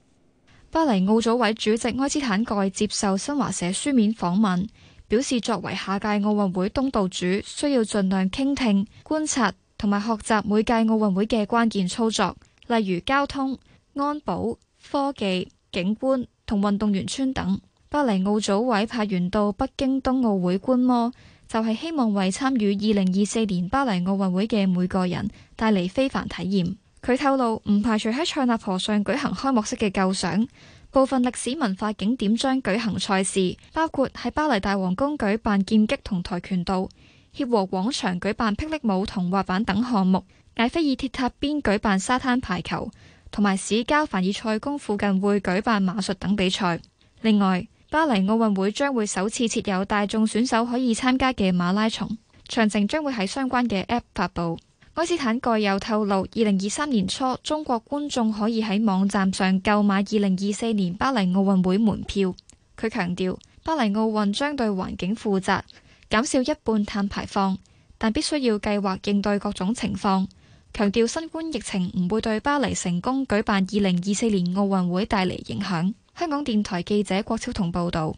巴黎奧組委主席埃斯坦蓋接受新華社書面訪問，表示作為下屆奧運會東道主，需要盡量傾聽、觀察同埋學習每屆奧運會嘅關鍵操作。例如交通、安保、科技、景觀同運動員村等。巴黎奧組委派員到北京冬奧會觀摩，就係希望為參與二零二四年巴黎奧運會嘅每個人帶嚟非凡體驗。佢透露唔排除喺塞納河上舉行開幕式嘅構想，部分歷史文化景點將舉行賽事，包括喺巴黎大皇宮舉辦劍擊同跆拳道，協和廣場舉辦霹靂舞同滑板等項目。艾菲爾鐵塔邊舉辦沙灘排球，同埋市郊凡爾賽宮附近會舉辦馬術等比賽。另外，巴黎奧運會將會首次設有大眾選手可以參加嘅馬拉松，詳情將會喺相關嘅 App 發布。埃斯坦蓋又透露，二零二三年初中國觀眾可以喺網站上購買二零二四年巴黎奧運會門票。佢強調，巴黎奧運將對環境負責，減少一半碳排放，但必須要計劃應對各種情況。強調新冠疫情唔會對巴黎成功舉辦二零二四年奧運會帶嚟影響。香港電台記者郭超同報道。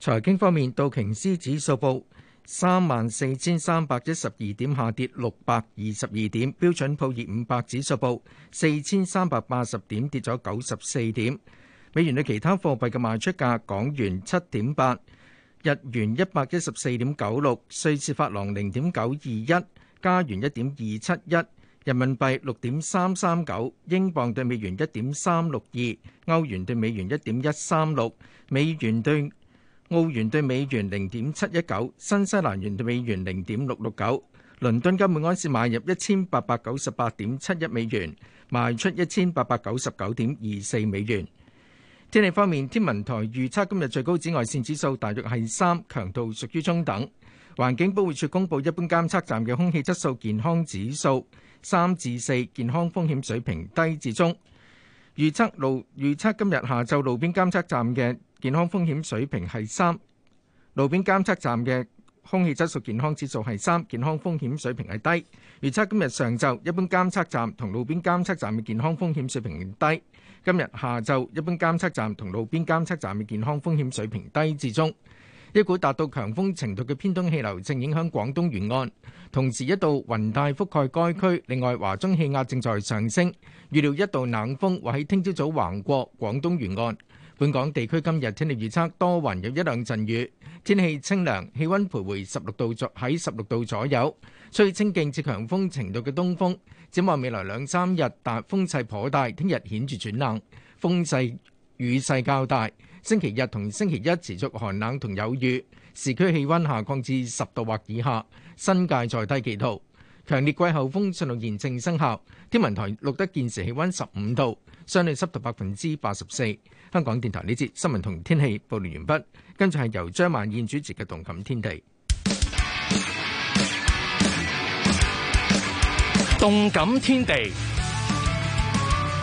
財經方面，道瓊斯指數報三萬四千三百一十二點，下跌六百二十二點；標準普爾五百指數報四千三百八十點，跌咗九十四點。美元兌其他貨幣嘅賣出價：港元七點八，日元一百一十四點九六，瑞士法郎零點九二一。加元一點二七一，人民幣六點三三九，英鎊對美元一點三六二，歐元對美元一點一三六，美元對澳元對美元零點七一九，新西蘭元對美元零點六六九。倫敦金每盎司買入一千八百九十八點七一美元，賣出一千八百九十九點二四美元。天氣方面，天文台預測今日最高紫外線指數大約係三，強度屬於中等。環境保護署公布一般監測站嘅空氣質素健康指數三至四，健康風險水平低至中。預測路預測今日下晝路邊監測站嘅健康風險水平係三，路邊監測站嘅空氣質素健康指數係三，健康風險水平係低。預測今日上晝一般監測站同路邊監測站嘅健康風險水平低。今日下晝一般監測站同路邊監測站嘅健康風險水平低至中。一股達到強風程度嘅偏東氣流正影響廣東沿岸，同時一道雲帶覆蓋該區。另外，華中氣壓正在上升，預料一道冷鋒或喺聽朝早橫過廣東沿岸。本港地區今日天氣預測，多雲有一兩陣雨，天氣清涼，氣温徘徊十六度左喺，十六度左右，吹清勁至強風程度嘅東風。展望未來兩三日，達風勢頗大，聽日顯著轉冷，風勢雨勢較大。星期日同星期一持續寒冷同有雨，市區氣温下降至十度或以下，新界再低幾度。強烈季候風信號現正生效，天文台錄得現時氣温十五度，相對濕度百分之八十四。香港電台呢節新聞同天氣報道完畢，跟住係由張曼燕主持嘅動感天地。動感天地。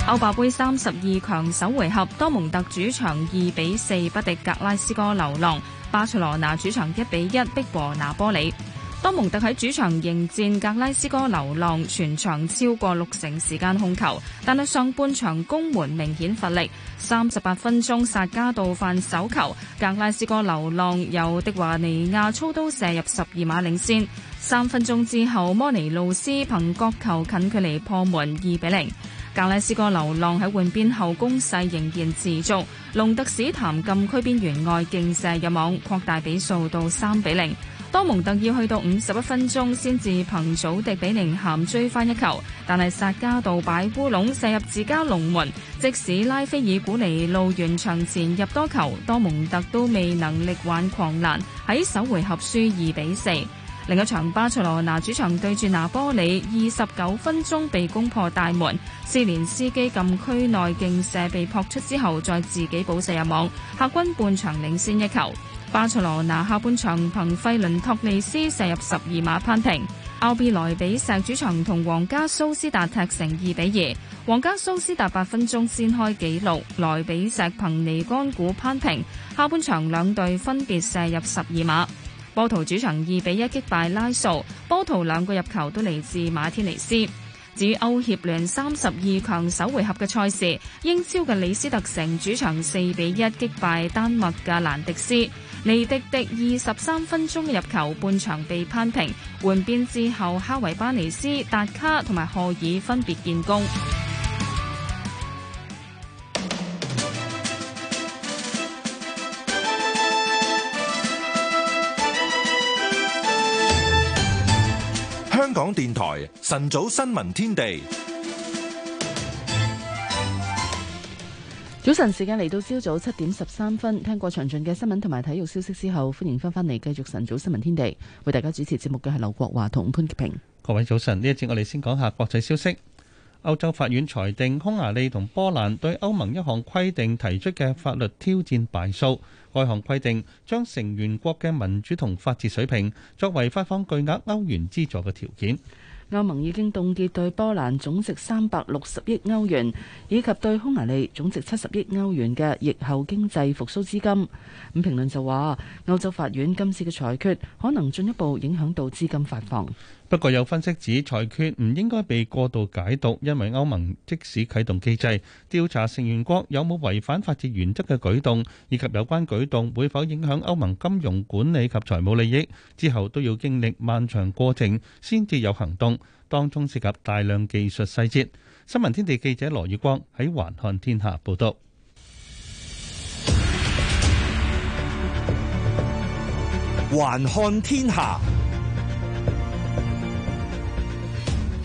歐霸盃三十二強首回合，多蒙特主場二比四不敵格拉斯哥流浪，巴塞羅那主場一比一逼和拿波里。多蒙特喺主場迎戰格拉斯哥流浪，全場超過六成時間控球，但係上半場攻門明顯乏力。三十八分鐘，薩加道犯手球，格拉斯哥流浪由迪華尼亞操刀射入十二碼領先。三分鐘之後，摩尼路斯憑角球近距離破門，二比零。格拉斯哥流浪喺換邊後攻勢仍然持續，龍特史談禁區邊緣外勁射入網，擴大比數到三比零。多蒙特要去到五十一分鐘先至憑祖迪比寧咸追翻一球，但係薩加道擺烏龍射入自家龍門，即使拉菲爾古尼路完場前入多球，多蒙特都未能力挽狂瀾，喺首回合輸二比四。另一場巴塞羅那主場對住拿波里，二十九分鐘被攻破大門，斯連司基禁區內勁射被撲出之後，再自己補射入網，客軍半場領先一球。巴塞羅那下半場憑費倫托利斯射入十二碼攀平。奧比萊比石主場同皇家蘇斯達踢成二比二。皇家蘇斯達八分鐘先開紀錄，萊比石憑尼甘古攀平。下半場兩隊分別射入十二碼。波圖主場二比一擊敗拉素，波圖兩個入球都嚟自馬天尼斯。至於歐協聯三十二強首回合嘅賽事，英超嘅里斯特城主場四比一擊敗丹麥嘅蘭迪斯，尼迪迪二十三分鐘入球，半場被扳平，換邊之後，哈維巴尼斯、達卡同埋賀爾分別建功。港電台晨早新聞天地，早晨時間嚟到朝早七點十三分，聽過詳盡嘅新聞同埋體育消息之後，歡迎翻返嚟繼續晨早新聞天地，為大家主持節目嘅係劉國華同潘潔平。各位早晨，呢一節我哋先講下國際消息。歐洲法院裁定匈牙利同波蘭對歐盟一項規定提出嘅法律挑戰敗訴。該項規定將成員國嘅民主同法治水平作為發放巨額歐元資助嘅條件。歐盟已經凍結對波蘭總值三百六十億歐元以及對匈牙利總值七十億歐元嘅疫後經濟復甦資金。咁評論就話，歐洲法院今次嘅裁決可能進一步影響到資金發放。不過有分析指，裁決唔應該被過度解讀，因為歐盟即使啟動機制調查成員國有冇違反法治原則嘅舉動，以及有關舉動會否影響歐盟金融管理及財務利益，之後都要經歷漫長過程先至有行動，當中涉及大量技術細節。新聞天地記者羅宇光喺環看天下報道。環看天下。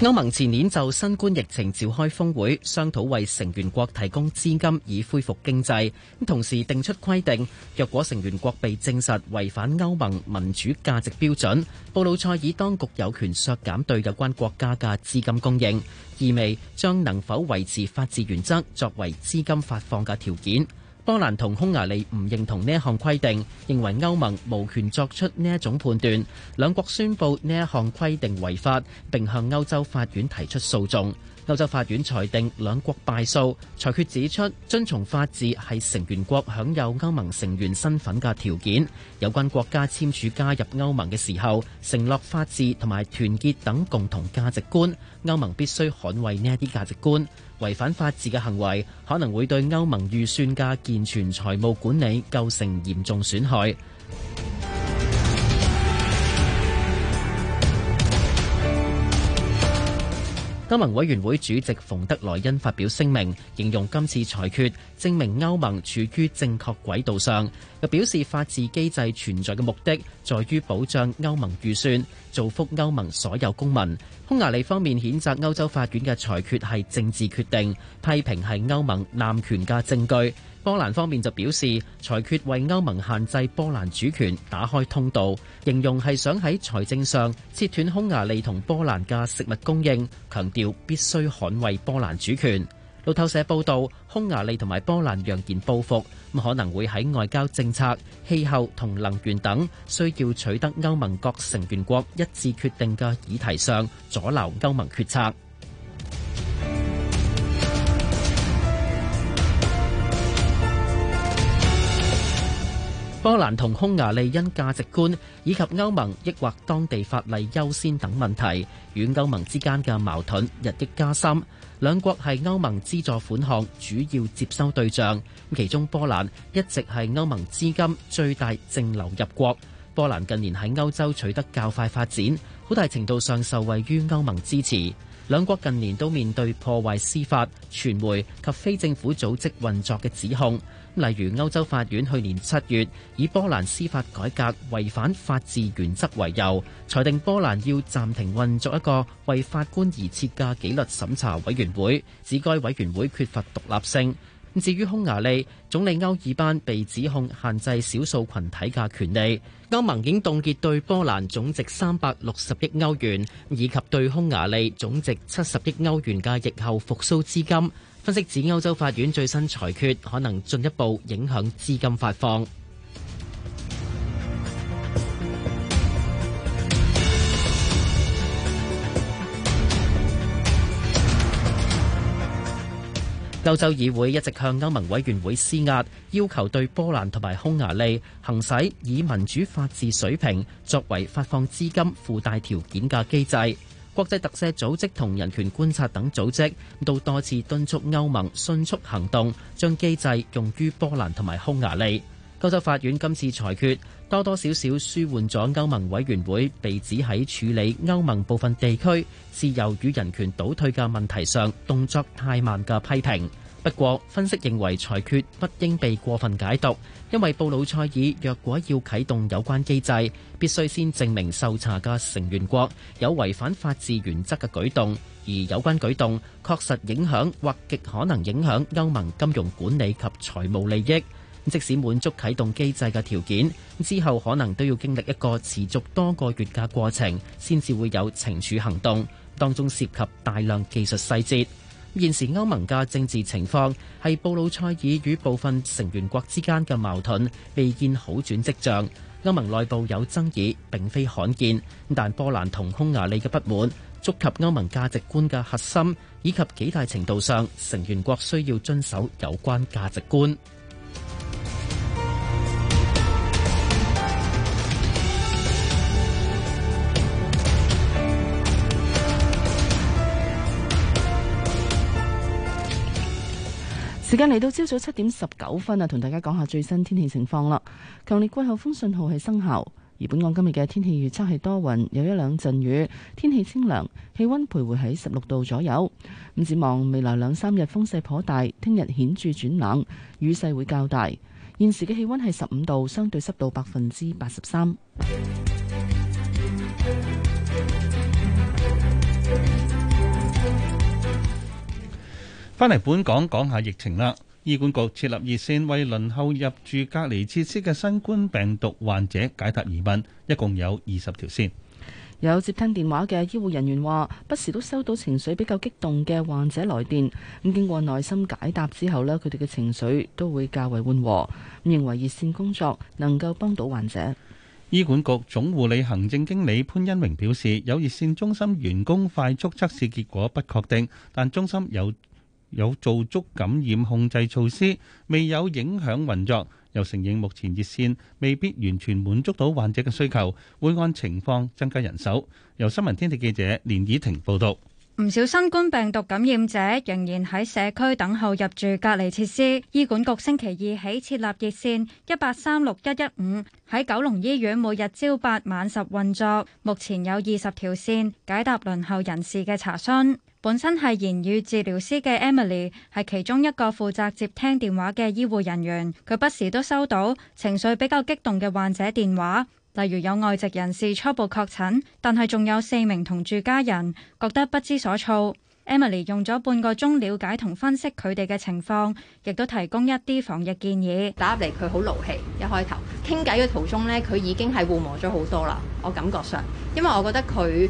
歐盟前年就新冠疫情召開峰會，商討為成員國提供資金以恢復經濟。同時定出規定，若果成員國被證實違反歐盟民主價值標準，布魯塞爾當局有權削減對有關國家嘅資金供應，意味將能否維持法治原則作為資金發放嘅條件。波蘭同匈牙利唔認同呢項規定，認為歐盟無權作出呢一種判斷。兩國宣布呢一項規定違法，並向歐洲法院提出訴訟。歐洲法院裁定兩國敗訴，裁決指出，遵從法治係成員國享有歐盟成員身份嘅條件。有關國家簽署加入歐盟嘅時候，承諾法治同埋團結等共同價值觀，歐盟必須捍衛呢一啲價值觀。違反法治嘅行為，可能會對歐盟預算嘅健全財務管理構成嚴重損害。歐 盟委員會主席馮德萊恩發表聲明，形容今次裁決證明歐盟處於正確軌道上，又表示法治機制存在嘅目的，在於保障歐盟預算，造福歐盟所有公民。匈牙利方面譴責歐洲法院嘅裁決係政治決定，批評係歐盟濫權嘅證據，波蘭方面就表示，裁決為歐盟限制波蘭主權打開通道，形容係想喺財政上切斷匈牙利同波蘭嘅食物供應，強調必須捍衛波蘭主權。路透社報道，匈牙利同埋波蘭揚言報復，咁可能會喺外交政策、氣候同能源等需要取得歐盟各成員國一致決定嘅議題上阻撓歐盟決策。波蘭同匈牙利因價值觀以及歐盟抑或當地法例優先等問題，與歐盟之間嘅矛盾日益加深。兩國係歐盟資助款項主要接收對象，其中波蘭一直係歐盟資金最大淨流入國。波蘭近年喺歐洲取得較快發展，好大程度上受惠於歐盟支持。兩國近年都面對破壞司法、傳媒及非政府組織運作嘅指控。例如，歐洲法院去年七月以波蘭司法改革違反法治原則為由，裁定波蘭要暫停運作一個為法官而設嘅紀律審查委員會，指該委員會缺乏獨立性。至於匈牙利總理歐爾班被指控限制少數群體嘅權利，歐盟已經凍結對波蘭總值三百六十億歐元以及對匈牙利總值七十億歐元嘅疫後復甦資金。分析指歐洲法院最新裁決可能進一步影響資金發放。歐洲議會一直向歐盟委員會施壓，要求對波蘭同埋匈牙利行使以民主法治水平作為發放資金附帶條件嘅機制。國際特赦組織同人權觀察等組織都多次敦促歐盟迅速行動，將機制用於波蘭同埋匈牙利。歐洲法院今次裁決多多少少舒緩咗歐盟委員會被指喺處理歐盟部分地區自由與人權倒退嘅問題上動作太慢嘅批評。不過，分析認為裁決不應被過分解讀，因為布魯塞爾若果要啟動有關機制，必須先證明受查嘅成員國有違反法治原則嘅舉動，而有關舉動確實影響或極可能影響歐盟金融管理及財務利益。即使滿足啟動機制嘅條件，之後可能都要經歷一個持續多個月嘅過程，先至會有懲處行動，當中涉及大量技術細節。現時歐盟嘅政治情況係布魯塞爾與部分成員國之間嘅矛盾未見好轉跡象，歐盟內部有爭議並非罕見。但波蘭同匈牙利嘅不滿觸及歐盟價值觀嘅核心，以及幾大程度上成員國需要遵守有關價值觀。時間嚟到朝早七點十九分啊，同大家講下最新天氣情況啦。強烈季候風信號係生效，而本港今日嘅天氣預測係多雲，有一兩陣雨，天氣清涼，氣溫徘徊喺十六度左右。咁展望未來兩三日風勢頗大，聽日顯著轉冷，雨勢會較大。現時嘅氣溫係十五度，相對濕度百分之八十三。翻嚟本港講下疫情啦。醫管局設立熱線為輪候入住隔離設施嘅新冠病毒患者解答疑問，一共有二十條綫。有接聽電話嘅醫護人員話，不時都收到情緒比較激動嘅患者來電。咁經過耐心解答之後呢，佢哋嘅情緒都會較為緩和。咁認為熱綫工作能夠幫到患者。醫管局總護理行政經理潘恩榮表示，有熱綫中心員工快速測試結果不確定，但中心有。有做足感染控制措施，未有影響運作。又承認目前熱線未必完全滿足到患者嘅需求，會按情況增加人手。由新聞天地記者連怡婷報道。唔少新冠病毒感染者仍然喺社區等候入住隔離設施。醫管局星期二起設立熱線一八三六一一五，喺九龍醫院每日朝八晚十運作。目前有二十條線解答輪候人士嘅查詢。本身係言語治療師嘅 Emily 係其中一個負責接聽電話嘅醫護人員，佢不時都收到情緒比較激動嘅患者電話，例如有外籍人士初步確診，但係仲有四名同住家人覺得不知所措。Emily 用咗半個鐘了解同分析佢哋嘅情況，亦都提供一啲防疫建議。打入嚟佢好勞氣，一開頭傾偈嘅途中呢佢已經係互磨咗好多啦。我感覺上，因為我覺得佢。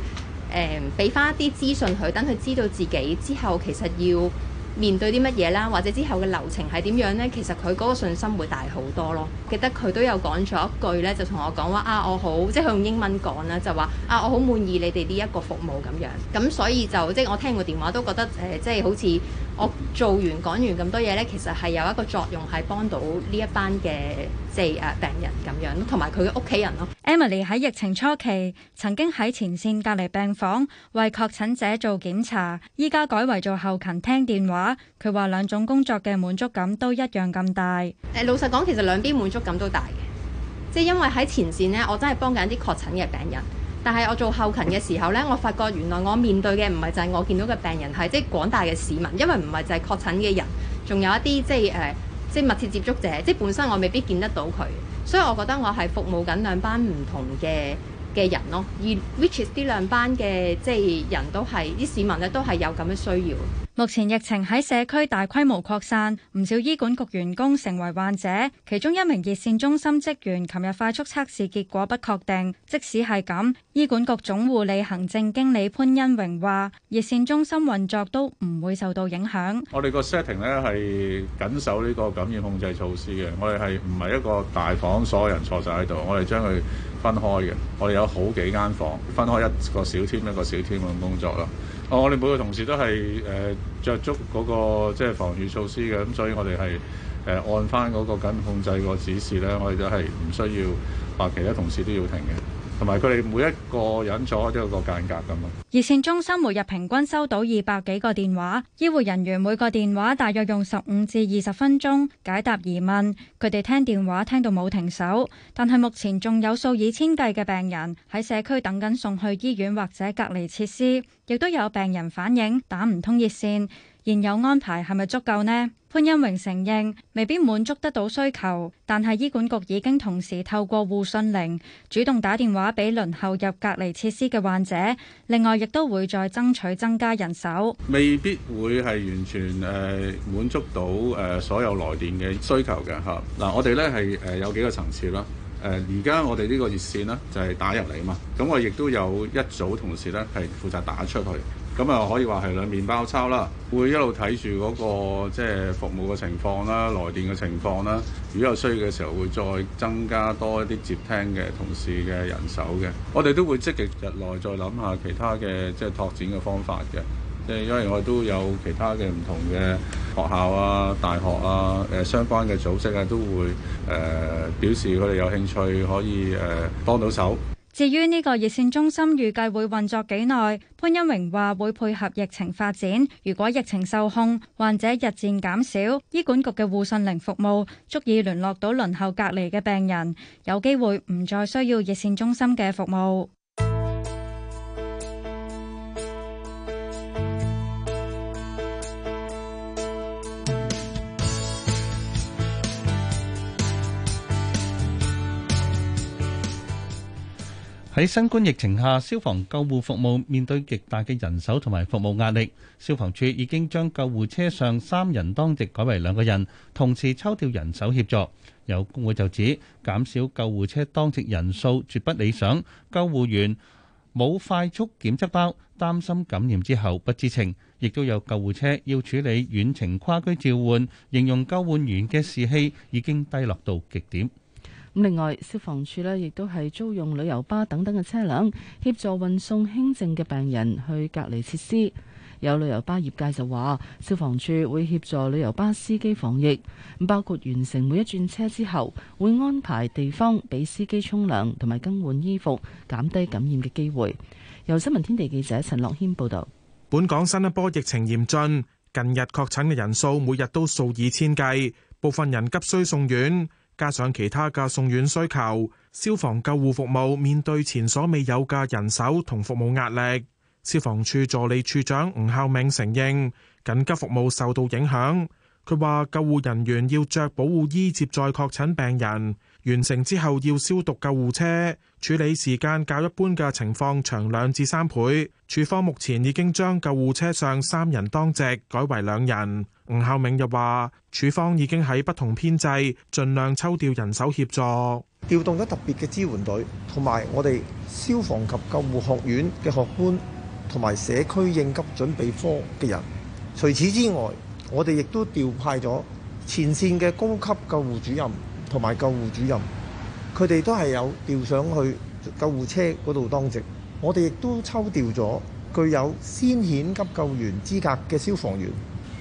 誒，俾翻啲資訊佢，等佢知道自己之後其實要面對啲乜嘢啦，或者之後嘅流程係點樣呢？其實佢嗰個信心會大好多咯。記得佢都有講咗一句呢，就同我講話啊，我好即係佢用英文講啦，就話啊，我好滿意你哋呢一個服務咁樣。咁所以就即係我聽個電話都覺得誒、呃，即係好似。我做完講完咁多嘢呢，其實係有一個作用係幫到呢一班嘅即係誒病人咁樣，同埋佢嘅屋企人咯。Emily 喺疫情初期曾經喺前線隔離病房為確診者做檢查，依家改為做後勤聽電話。佢話兩種工作嘅滿足感都一樣咁大。誒，老實講，其實兩邊滿足感都大嘅，即係因為喺前線呢，我真係幫緊啲確診嘅病人。但係我做後勤嘅時候呢，我發覺原來我面對嘅唔係就係我見到嘅病人，係即係廣大嘅市民，因為唔係就係確診嘅人，仲有一啲即係誒，即係密切接觸者，即係本身我未必見得到佢，所以我覺得我係服務緊兩班唔同嘅嘅人咯，而 which is 啲兩班嘅即係人都係啲市民咧，都係有咁嘅需要。目前疫情喺社區大規模擴散，唔少醫管局員工成為患者。其中一名熱線中心職員琴日快速測試結果不確定，即使係咁，醫管局總護理行政經理潘恩榮話，熱線中心運作都唔會受到影響。我哋個 setting 咧，係緊守呢個感染控制措施嘅，我哋係唔係一個大房所有人坐晒喺度，我哋將佢分開嘅。我哋有好幾間房，分開一個小 team 一個小 team 咁工作啦。哦、我哋每個同事都係誒著足嗰個即係防御措施嘅，咁所以我哋係誒按翻嗰個緊控制個指示咧，我哋都係唔需要話其他同事都要停嘅。同埋佢哋每一個人坐都有個間隔咁啊。熱線中心每日平均收到二百幾個電話，醫護人員每個電話大約用十五至二十分鐘解答疑問，佢哋聽電話聽到冇停手，但係目前仲有數以千計嘅病人喺社區等緊送去醫院或者隔離設施，亦都有病人反映打唔通熱線。現有安排係咪足夠呢？潘恩榮承認未必滿足得到需求，但係醫管局已經同時透過護訊鈴主動打電話俾輪候入隔離設施嘅患者，另外亦都會再爭取增加人手，未必會係完全誒滿足到誒所有來電嘅需求嘅吓。嗱、嗯，我哋咧係誒有幾個層次啦。誒，而家我哋呢個熱線咧就係打入嚟啊嘛，咁我亦都有一組同事咧係負責打出去。咁啊，可以話係兩面包抄啦，會一路睇住嗰個即係、就是、服務嘅情況啦、來電嘅情況啦。如果有需要嘅時候，會再增加多一啲接聽嘅同事嘅人手嘅。我哋都會積極日內再諗下其他嘅即係拓展嘅方法嘅。即、就、係、是、因為我哋都有其他嘅唔同嘅學校啊、大學啊、誒、呃、相關嘅組織啊，都會誒、呃、表示佢哋有興趣可以誒幫、呃、到手。至於呢個熱線中心預計會運作幾耐？潘欣榮話會配合疫情發展，如果疫情受控，患者日漸減少，醫管局嘅護訊鈴服務足以聯絡到輪候隔離嘅病人，有機會唔再需要熱線中心嘅服務。喺新冠疫情下，消防救護服務面對極大嘅人手同埋服務壓力，消防處已經將救護車上三人當值改為兩個人，同時抽調人手協助。有工會就指，減少救護車當值人數絕不理想，救護員冇快速檢測包，擔心感染之後不知情，亦都有救護車要處理遠程跨區召喚，形容救護員嘅士氣已經低落到極點。咁另外，消防處咧亦都係租用旅遊巴等等嘅車輛協助運送輕症嘅病人去隔離設施。有旅遊巴業界就話，消防處會協助旅遊巴司機防疫，包括完成每一轉車之後，會安排地方俾司機沖涼同埋更換衣服，減低感染嘅機會。由新聞天地記者陳樂軒報道。本港新一波疫情嚴峻，近日確診嘅人數每日都數以千計，部分人急需送院。加上其他嘅送院需求，消防救護服務面對前所未有嘅人手同服務壓力。消防處助理處長吳孝銘承認，緊急服務受到影響。佢話救護人員要着保護衣接載確診病人，完成之後要消毒救護車，處理時間較一般嘅情況長兩至三倍。處方目前已經將救護車上三人當值改為兩人。吳孝銘又話，處方已經喺不同編制盡量抽調人手協助，調動咗特別嘅支援隊，同埋我哋消防及救護學院嘅學官，同埋社區應急準備科嘅人。除此之外，我哋亦都調派咗前線嘅高級救護主任同埋救護主任，佢哋都係有調上去救護車嗰度當值。我哋亦都抽調咗具有先遣急救員資格嘅消防員。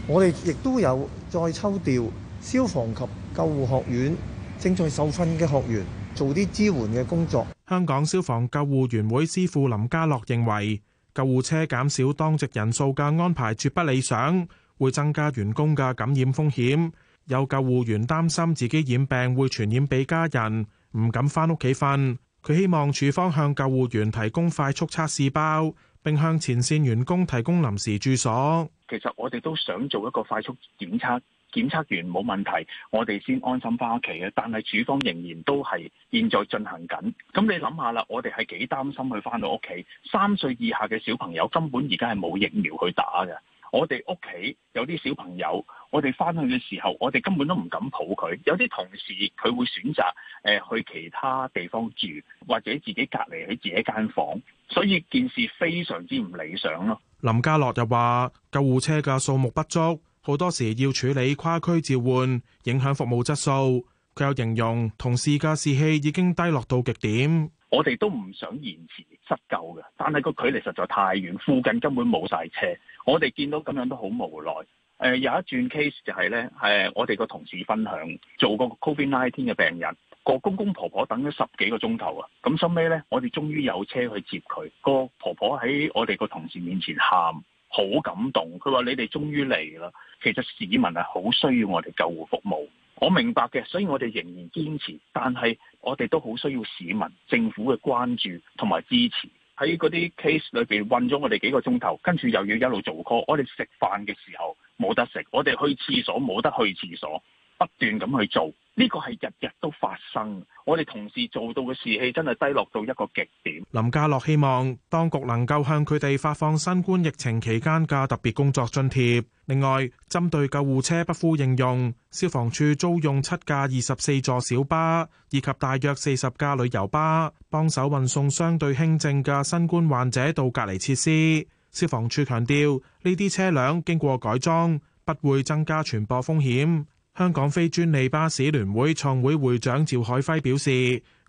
我哋亦都有再抽調消防及救護學院正在受訓嘅學員做啲支援嘅工作。香港消防救護員會支副林家樂認為救護車減少當值人數嘅安排絕不理想，會增加員工嘅感染風險，有救護員擔心自己染病會傳染俾家人，唔敢翻屋企瞓。佢希望處方向救護員提供快速測試包。並向前線員工提供臨時住所。其實我哋都想做一個快速檢測，檢測完冇問題，我哋先安心翻屋企嘅。但係處方仍然都係現在進行緊。咁你諗下啦，我哋係幾擔心去翻到屋企？三歲以下嘅小朋友根本而家係冇疫苗去打嘅。我哋屋企有啲小朋友，我哋翻去嘅時候，我哋根本都唔敢抱佢。有啲同事佢會選擇誒、呃、去其他地方住，或者自己隔離喺自己間房，所以件事非常之唔理想咯。林家樂又話，救護車嘅數目不足，好多時要處理跨區召喚，影響服務質素。佢又形容同事嘅士氣已經低落到極點，我哋都唔想延遲。不夠嘅，但係個距離實在太遠，附近根本冇晒車。我哋見到咁樣都好無奈。誒、呃，有一轉 case 就係呢，誒、呃，我哋個同事分享做個 Covid nineteen 嘅病人，個公公婆婆等咗十幾個鐘頭啊。咁收尾呢，我哋終於有車去接佢。個婆婆喺我哋個同事面前喊，好感動。佢話你哋終於嚟啦。其實市民係好需要我哋救護服務。我明白嘅，所以我哋仍然堅持，但係我哋都好需要市民政府嘅關注同埋支持。喺嗰啲 case 裏邊困咗我哋幾個鐘頭，跟住又要一路做 call。我哋食飯嘅時候冇得食，我哋去廁所冇得去廁所。不斷咁去做呢個，係日日都發生。我哋同事做到嘅士氣真係低落到一個極點。林家樂希望當局能夠向佢哋發放新冠疫情期間嘅特別工作津貼。另外，針對救護車不敷應用，消防處租用七架二十四座小巴以及大約四十架旅遊巴，幫手運送相對輕症嘅新冠患者到隔離設施。消防處強調，呢啲車輛經過改裝，不會增加傳播風險。香港非專利巴士聯會創會會長趙海輝表示，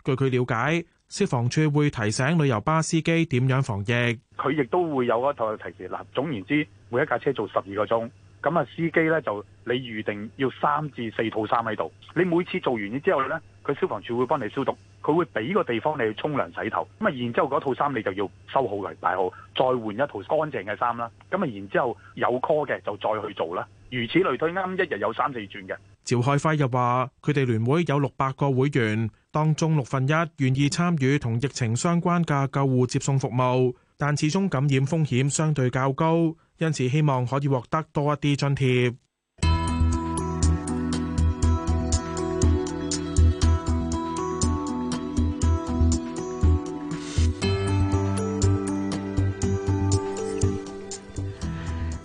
據佢了解，消防處會提醒旅遊巴司機點樣防疫，佢亦都會有一套提示。嗱，總言之，每一架車做十二個鐘，咁啊司機呢，就你預定要三至四套衫喺度，你每次做完之後呢，佢消防處會幫你消毒。佢會俾個地方你去沖涼洗頭，咁啊然之後嗰套衫你就要收好佢，擺好，再換一套乾淨嘅衫啦。咁啊然之後有 call 嘅就再去做啦。如此類推，啱一日有三四轉嘅。趙海輝又話：佢哋聯會有六百個會員，當中六分一願意參與同疫情相關嘅救護接送服務，但始終感染風險相對較高，因此希望可以獲得多一啲津貼。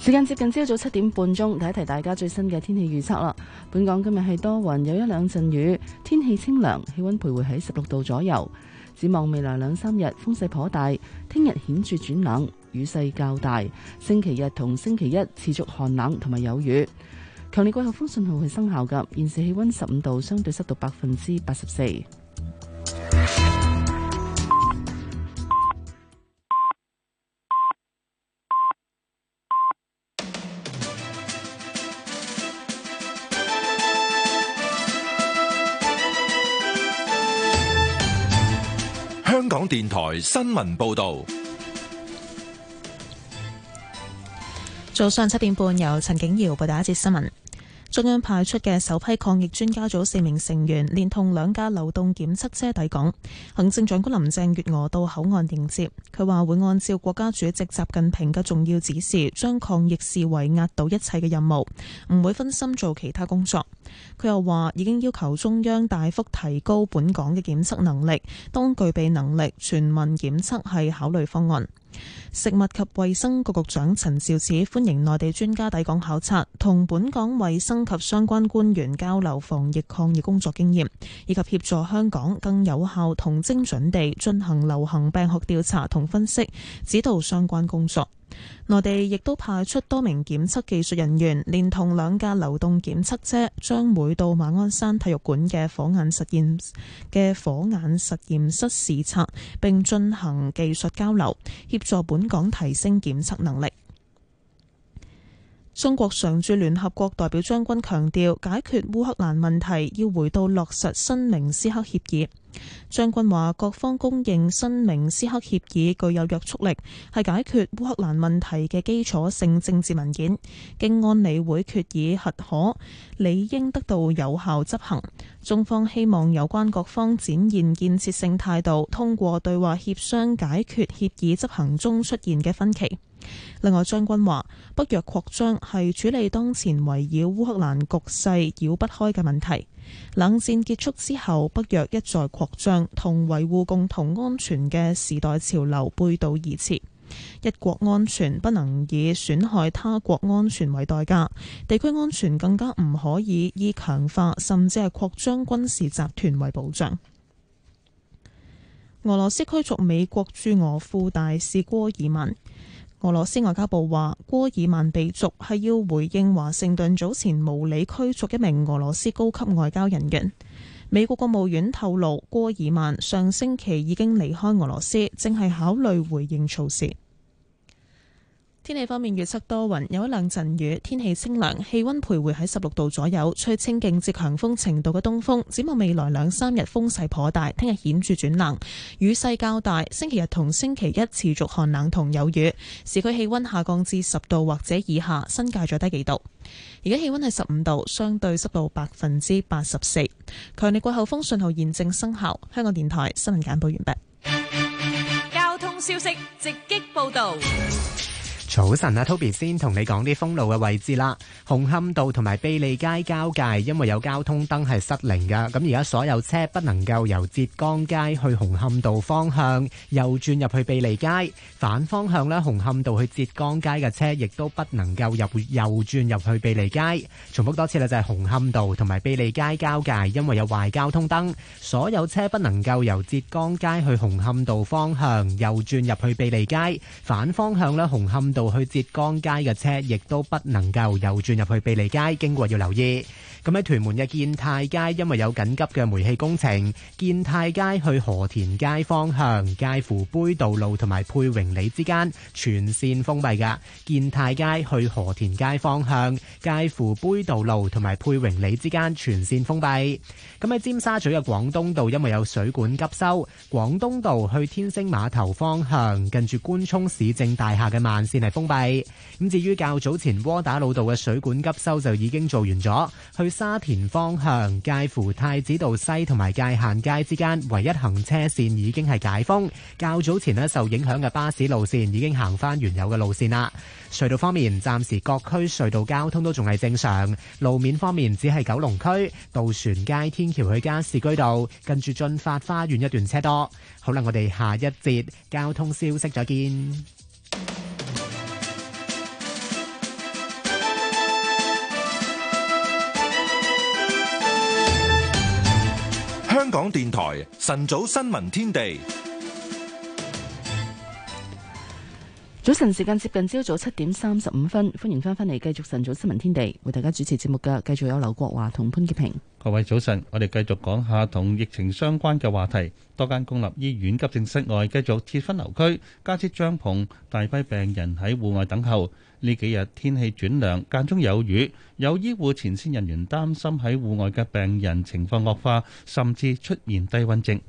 時間接近朝早七點半鐘，提一提大家最新嘅天氣預測啦。本港今日係多雲，有一兩陣雨，天氣清涼，氣溫徘徊喺十六度左右。展望未來兩三日，風勢頗大。聽日顯著轉冷，雨勢較大。星期日同星期一持續寒冷同埋有雨。強烈季候風信號係生效嘅，現時氣温十五度，相對濕度百分之八十四。電台新聞報道。早上七點半，由陳景瑤報道一節新聞。中央派出嘅首批抗疫專家組四名成員連同兩架流動檢測車抵港。行政長官林鄭月娥到口岸迎接，佢話會按照國家主席習近平嘅重要指示，將抗疫視為壓倒一切嘅任務，唔會分心做其他工作。佢又話已經要求中央大幅提高本港嘅檢測能力，當具備能力全民檢測係考慮方案。食物及衛生局局長陳肇始歡迎內地專家抵港考察，同本港衛生及相關官員交流防疫抗疫工作經驗，以及協助香港更有效同精準地進行流行病學調查同分析，指導相關工作。內地亦都派出多名檢測技術人員，連同兩架流動檢測車，將會到馬鞍山體育館嘅火眼實驗嘅火眼實驗室視察，並進行技術交流，協助本港提升檢測能力。中國常駐聯合國代表張軍強調，解決烏克蘭問題要回到落實《新明斯克協議》。張軍話，各方公認《新明斯克協議》具有約束力，係解決烏克蘭問題嘅基礎性政治文件，經安理會決議核可，理應得到有效執行。中方希望有關各方展現建設性態度，通過對話協商解決協議執行中出現嘅分歧。另外，張軍話：北約擴張係處理當前圍繞烏克蘭局勢繞不開嘅問題。冷戰結束之後，北約一再擴張，同維護共同安全嘅時代潮流背道而馳。一國安全不能以損害他國安全為代價，地區安全更加唔可以以強化甚至係擴張軍事集團為保障。俄羅斯驅逐美國駐俄副大使戈爾文。俄羅斯外交部話，戈爾曼被逐係要回應華盛頓早前無理驅逐一名俄羅斯高級外交人員。美國國務院透露，戈爾曼上星期已經離開俄羅斯，正係考慮回應措施。天氣方面，預測多雲，有一兩陣雨，天氣清涼，氣溫徘徊喺十六度左右，吹清勁至強風程度嘅東風。展望未來兩三日風勢頗大，聽日顯著轉冷，雨勢較大。星期日同星期一持續寒冷同有雨，市區氣溫下降至十度或者以下，新界再低幾度。而家氣溫係十五度，相對濕度百分之八十四，強烈季候風信號現正生效。香港電台新聞簡報完畢。交通消息直擊報道。早晨啊，Toby 先同你講啲封路嘅位置啦。紅磡道同埋貝利街交界，因為有交通燈係失靈嘅，咁而家所有車不能夠由浙江街去紅磡道方向右轉入去貝利街，反方向咧紅磡道去浙江街嘅車亦都不能夠入右轉入去貝利街。重複多次啦，就係紅磡道同埋貝利街交界，因為有壞交通燈，所有車不能夠由浙江街去紅磡道方向右轉入去貝利街，反方向咧紅磡。去浙江街嘅車，亦都不能夠右轉入去卑利街，經過要留意。咁喺屯門嘅建泰街，因為有緊急嘅煤氣工程，建泰街去河田街方向、介乎杯渡路同埋佩榮里之間全線封閉嘅。建泰街去河田街方向、介乎杯渡路同埋佩榮里之間全線封閉。咁喺尖沙咀嘅廣東道，因為有水管急修，廣東道去天星碼頭方向近住官涌市政大廈嘅慢線係封閉。咁至於較早前窩打老道嘅水管急修，就已經做完咗，去。喺沙田方向，介乎太子道西同埋界限街之間唯一行車線已經係解封。較早前呢，受影響嘅巴士路線已經行翻原有嘅路線啦。隧道方面，暫時各區隧道交通都仲係正常。路面方面，只係九龍區渡船街天橋去加士居道近住駿發花園一段車多。好啦，我哋下一節交通消息再見。香港電台晨早新聞天地，早晨時間接近朝早七點三十五分，歡迎翻翻嚟，繼續晨早新聞天地，為大家主持節目嘅繼續有劉國華同潘潔平。各位早晨，我哋繼續講下同疫情相關嘅話題。多間公立醫院急症室外繼續設分流區，加設帳篷，大批病人喺戶外等候。呢幾日天氣轉涼，間中有雨，有醫護前線人員擔心喺戶外嘅病人情況惡化，甚至出現低溫症。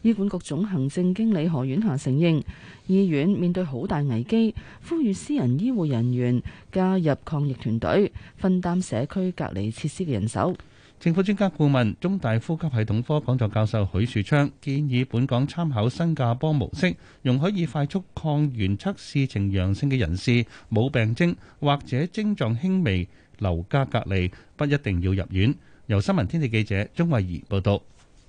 醫管局總行政經理何婉霞承認，醫院面對好大危機，呼籲私人醫護人員加入抗疫團隊，分擔社區隔離設施嘅人手。政府專家顧問、中大呼吸系統科講座教授許樹昌建議，本港參考新加坡模式，容許以快速抗原測試呈陽性嘅人士冇病徵或者徵狀輕微留家隔離，不一定要入院。由新聞天地記者鍾慧怡報道。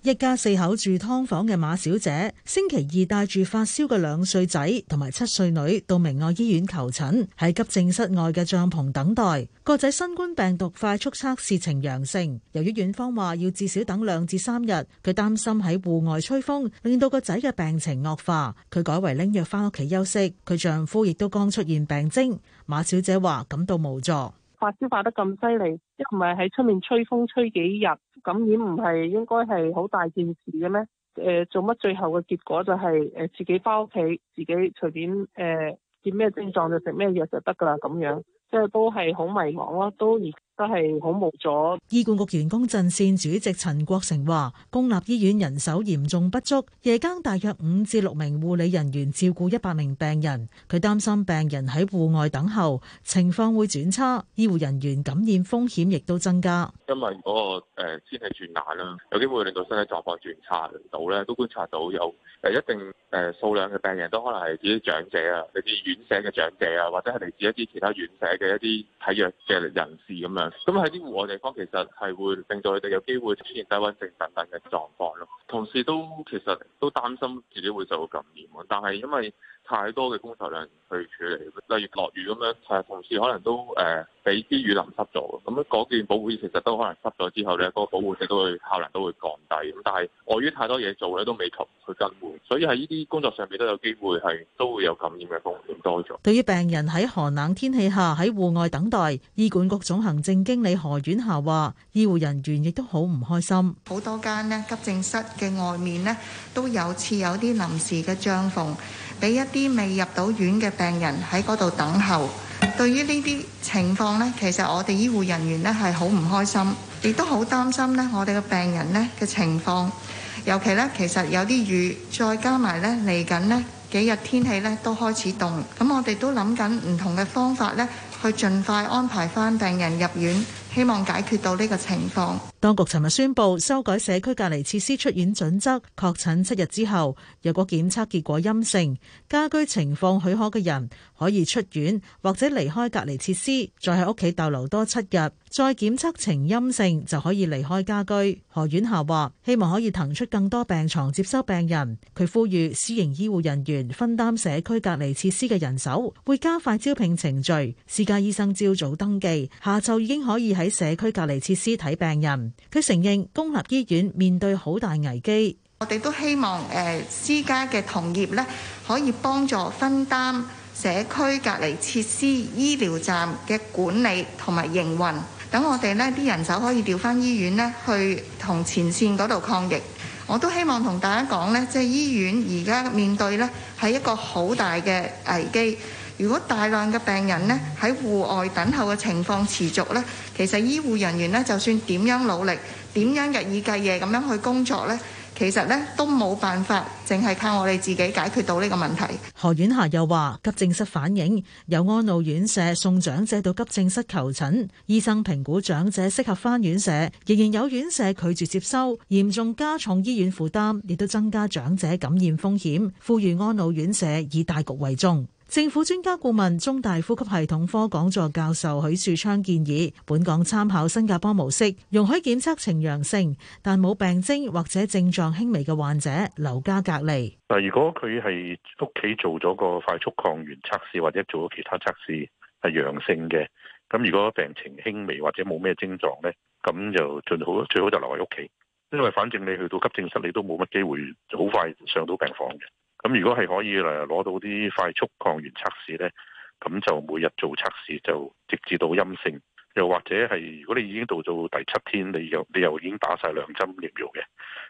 一家四口住劏房嘅馬小姐，星期二帶住發燒嘅兩歲仔同埋七歲女到明愛醫院求診，喺急症室外嘅帳篷等待。個仔新冠病毒快速測試呈陽性。由於院方話要至少等兩至三日，佢擔心喺戶外吹風令到個仔嘅病情惡化，佢改為拎藥翻屋企休息。佢丈夫亦都剛出現病徵，馬小姐話感到無助，發燒發得咁犀利，一唔係喺出面吹風吹幾日。感染唔係應該係好大件事嘅咩？誒、呃、做乜最後嘅結果就係、是、誒、呃、自己返屋企，自己隨便誒、呃、見咩症狀就食咩藥就得㗎啦咁樣，即係都係好迷茫咯，都都係好冇咗。醫管局員工陣線主席陳國成話，公立醫院人手嚴重不足，夜間大約五至六名護理人員照顧一百名病人。佢擔心病人喺戶外等候情況會轉差，醫護人員感染風險亦都增加。因為嗰個誒天氣轉冷啦，有機會令到身體狀況轉差。到咧都觀察到有誒一定誒數量嘅病人都可能係啲長者啊，你啲院舍嘅長者啊，或者係嚟自一啲其他院舍嘅一啲體弱嘅人士咁樣。咁喺啲戶外地方，其實係會令到佢哋有機會出現低溫症等等嘅狀況咯。同事都其實都擔心自己會受到感染，但係因為太多嘅工作量去處理，例如落雨咁樣，同事可能都誒。呃俾啲雨淋濕咗，咁樣嗰件保護衣其實都可能濕咗之後呢，嗰個保護性都會效能都會降低。咁但係礙於太多嘢做咧，都未及去更換，所以喺呢啲工作上面都有機會係都會有感染嘅風險多咗。對於病人喺寒冷天氣下喺戶外等待，醫管局總行政經理何婉霞話，醫護人員亦都好唔開心。好多間咧，急症室嘅外面呢，都有似有啲臨時嘅帳篷，俾一啲未入到院嘅病人喺嗰度等候。對於呢啲情況呢，其實我哋醫護人員呢係好唔開心，亦都好擔心呢我哋嘅病人呢嘅情況。尤其呢，其實有啲雨，再加埋呢嚟緊呢幾日天氣呢都開始凍，咁我哋都諗緊唔同嘅方法呢去盡快安排返病人入院。希望解決到呢個情況。當局尋日宣布修改社區隔離設施出院準則，確診七日之後，若果檢測結果陰性，家居情況許可嘅人可以出院或者離開隔離設施，再喺屋企逗留多七日，再檢測呈陰性就可以離開家居。何婉霞話：希望可以騰出更多病床接收病人。佢呼籲私營醫護人員分擔社區隔離設施嘅人手，會加快招聘程序。私家醫生朝早登記，下晝已經可以喺。喺社區隔離設施睇病人，佢承認公立醫院面對好大危機。我哋都希望誒私家嘅同業咧，可以幫助分擔社區隔離設施醫療站嘅管理同埋營運，等我哋呢啲人手可以調翻醫院呢，去同前線嗰度抗疫。我都希望同大家講呢，即係醫院而家面對呢，係一個好大嘅危機。如果大量嘅病人呢喺戶外等候嘅情況持續呢，其實醫護人員呢就算點樣努力，點樣日以繼夜咁樣去工作呢，其實呢都冇辦法，淨係靠我哋自己解決到呢個問題。何婉霞又話：急症室反映有安老院舍送長者到急症室求診，醫生評估長者適合翻院舍，仍然有院舍拒絕接收，嚴重加重醫院負擔，亦都增加長者感染風險，呼籲安老院舍以大局為重。政府專家顧問、中大呼吸系統科講座教授許樹昌建議，本港參考新加坡模式，容許檢測呈陽性但冇病徵或者症狀輕微嘅患者留家隔離。但如果佢係屋企做咗個快速抗原測試或者做咗其他測試係陽性嘅，咁如果病情輕微或者冇咩症狀咧，咁就最好最好就留喺屋企，因為反正你去到急症室你都冇乜機會好快上到病房嘅。咁如果係可以攞到啲快速抗原測試呢，咁就每日做測試，就直至到陰性，又或者係如果你已經到到第七天，你又你又已經打晒兩針疫苗嘅，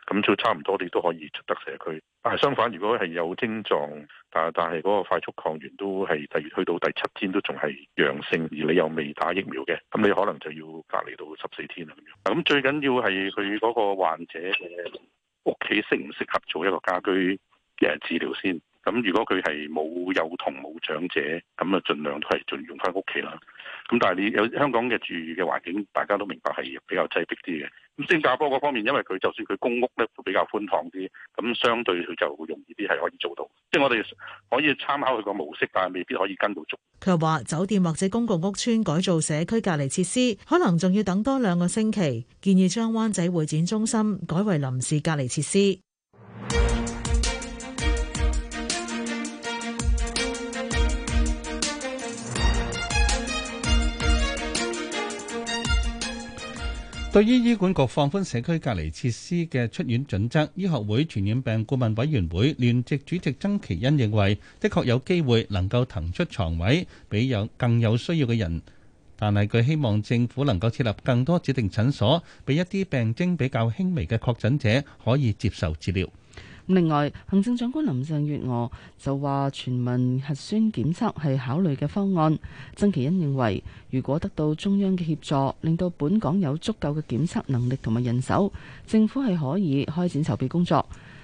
咁就差唔多你都可以出得社區。但係相反，如果係有症狀，但但係嗰個快速抗原都係第去到第七天都仲係陽性，而你又未打疫苗嘅，咁你可能就要隔離到十四天啦。咁最緊要係佢嗰個患者嘅屋企適唔適合做一個家居。嘅治療先，咁如果佢係冇幼童冇長者，咁啊儘量都係盡用返屋企啦。咁但係你有香港嘅住嘅環境，大家都明白係比較擠迫啲嘅。咁新加坡嗰方面，因為佢就算佢公屋咧會比較寬敞啲，咁相對佢就會容易啲係可以做到。即係我哋可以參考佢個模式，但係未必可以跟到足。佢又話：酒店或者公共屋邨改造社區隔離設施，可能仲要等多兩個星期。建議將灣仔會展中心改為臨時隔離設施。對於醫管局放寬社區隔離設施嘅出院準則，醫學會傳染病顧問委員會聯席主席曾祈殷認為，的確有機會能夠騰出床位俾有更有需要嘅人，但係佢希望政府能夠設立更多指定診所，俾一啲病徵比較輕微嘅確診者可以接受治療。另外，行政長官林鄭月娥就話全民核酸檢測係考慮嘅方案。曾其恩認為，如果得到中央嘅協助，令到本港有足夠嘅檢測能力同埋人手，政府係可以開展籌備工作。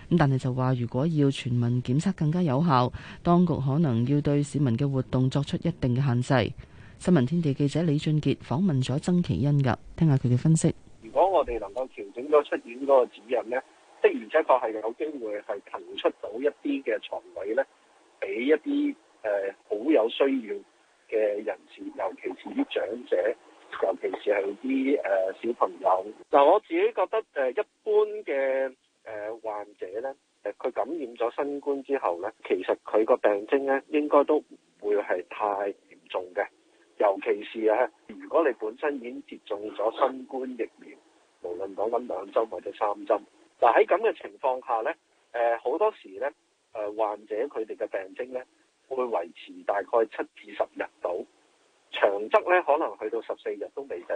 咁但係就話，如果要全民檢測更加有效，當局可能要對市民嘅活動作出一定嘅限制。新聞天地記者李俊傑訪問咗曾其恩㗎，聽下佢嘅分析。如果我哋能夠調整咗出院嗰個指引呢？而且確係有機會係騰出到一啲嘅床位呢，俾一啲誒好有需要嘅人士，尤其是啲長者，尤其是係啲誒小朋友。嗱，我自己覺得誒、呃、一般嘅誒、呃、患者呢，誒佢感染咗新冠之後呢，其實佢個病徵呢應該都唔會係太嚴重嘅，尤其是咧，如果你本身已經接種咗新冠疫苗，無論講緊兩針或者三針。嗱喺咁嘅情況下呢，誒、呃、好多時呢，誒、呃、患者佢哋嘅病徵呢會維持大概七至十日到，長則呢可能去到十四日都未定。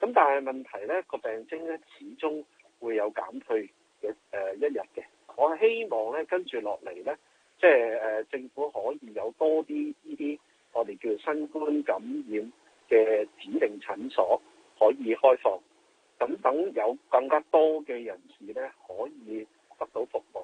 咁但係問題呢，個病徵呢始終會有減退嘅誒、呃、一日嘅。我希望呢，跟住落嚟呢，即係、呃、政府可以有多啲呢啲我哋叫新冠感染嘅指定診所可以開放。等等有更加多嘅人士咧，可以得到服務，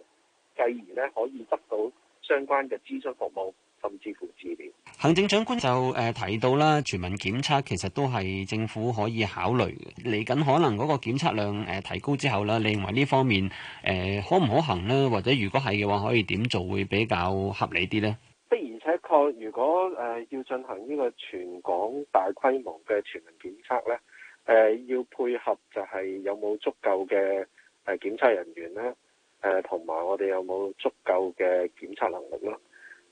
繼而咧可以得到相關嘅諮詢服務，甚至乎治療。行政長官就誒、呃、提到啦，全民檢測其實都係政府可以考慮嘅。嚟緊可能嗰個檢測量誒、呃、提高之後啦，你認為呢方面誒、呃、可唔可行咧？或者如果係嘅話可以點做會比較合理啲咧？的而且確，如果誒、呃、要進行呢個全港大規模嘅全民檢測咧，誒、呃、要配合就係有冇足夠嘅誒、呃、檢測人員咧，誒同埋我哋有冇足夠嘅檢測能力咧？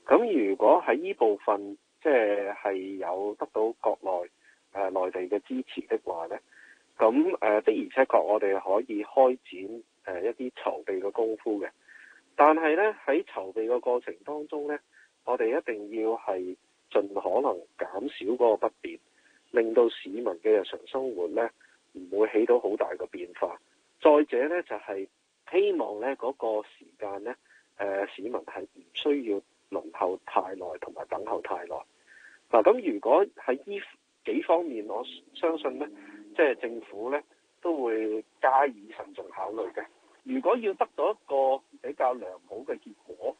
咁如果喺呢部分即係係有得到國內誒、呃、內地嘅支持的話咧，咁誒、呃、的而且確我哋可以開展誒、呃、一啲籌備嘅功夫嘅。但係咧喺籌備嘅過程當中咧，我哋一定要係盡可能減少嗰個不便。令到市民嘅日常生活呢唔會起到好大嘅變化。再者呢，就係希望呢嗰個時間呢誒，市民係唔需要等候太耐同埋等候太耐。嗱，咁如果喺呢幾方面，我相信呢，即係政府呢都會加以慎重考慮嘅。如果要得到一個比較良好嘅結果，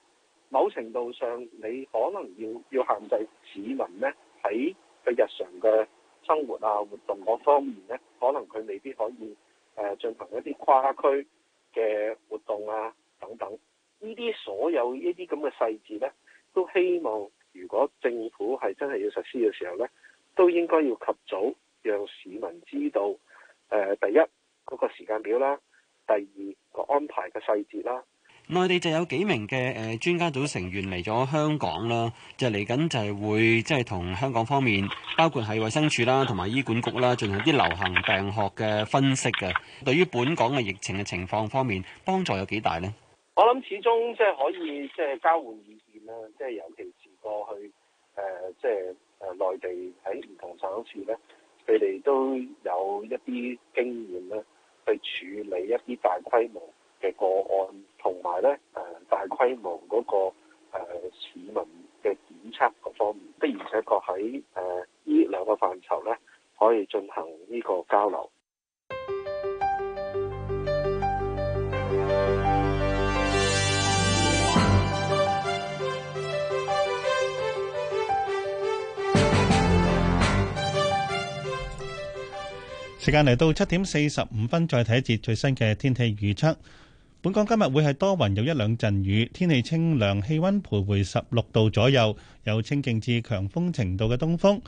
某程度上你可能要要限制市民呢喺嘅日常嘅。生活啊，活動嗰方面咧，可能佢未必可以誒、呃、進行一啲跨區嘅活動啊，等等。呢啲所有呢啲咁嘅細節咧，都希望如果政府係真係要實施嘅時候咧，都應該要及早讓市民知道。誒、呃，第一嗰、嗰個時間表啦，第二、嗰個安排嘅細節啦。內地就有幾名嘅誒專家組成員嚟咗香港啦，就嚟緊就係會即係同香港方面，包括係衛生署啦，同埋醫管局啦，進行啲流行病學嘅分析嘅。對於本港嘅疫情嘅情況方面，幫助有幾大呢？我諗始終即係可以即係交換意見啦，即係尤其是過去誒即係誒內地喺唔同省市咧，佢哋都有一啲經驗咧，去處理一啲大規模嘅個案。同埋咧，誒大規模嗰個誒市民嘅檢測嗰方面，的而且確喺誒呢兩個範疇咧，可以進行呢個交流。時間嚟到七點四十五分，再睇一節最新嘅天氣預測。本港今日會係多雲，有一兩陣雨，天氣清涼，氣溫徘徊十六度左右，有清勁至強風程度嘅東風。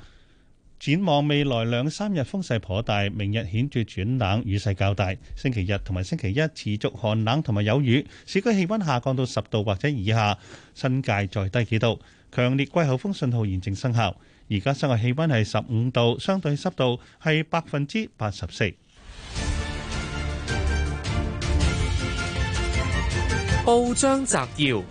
展望未來兩三日風勢頗大，明日顯著轉冷，雨勢較大。星期日同埋星期一持續寒冷同埋有雨，市區氣溫下降到十度或者以下，新界再低幾度。強烈季候風信號現正生效。而家室外氣溫係十五度，相對濕度係百分之八十四。報章摘要：《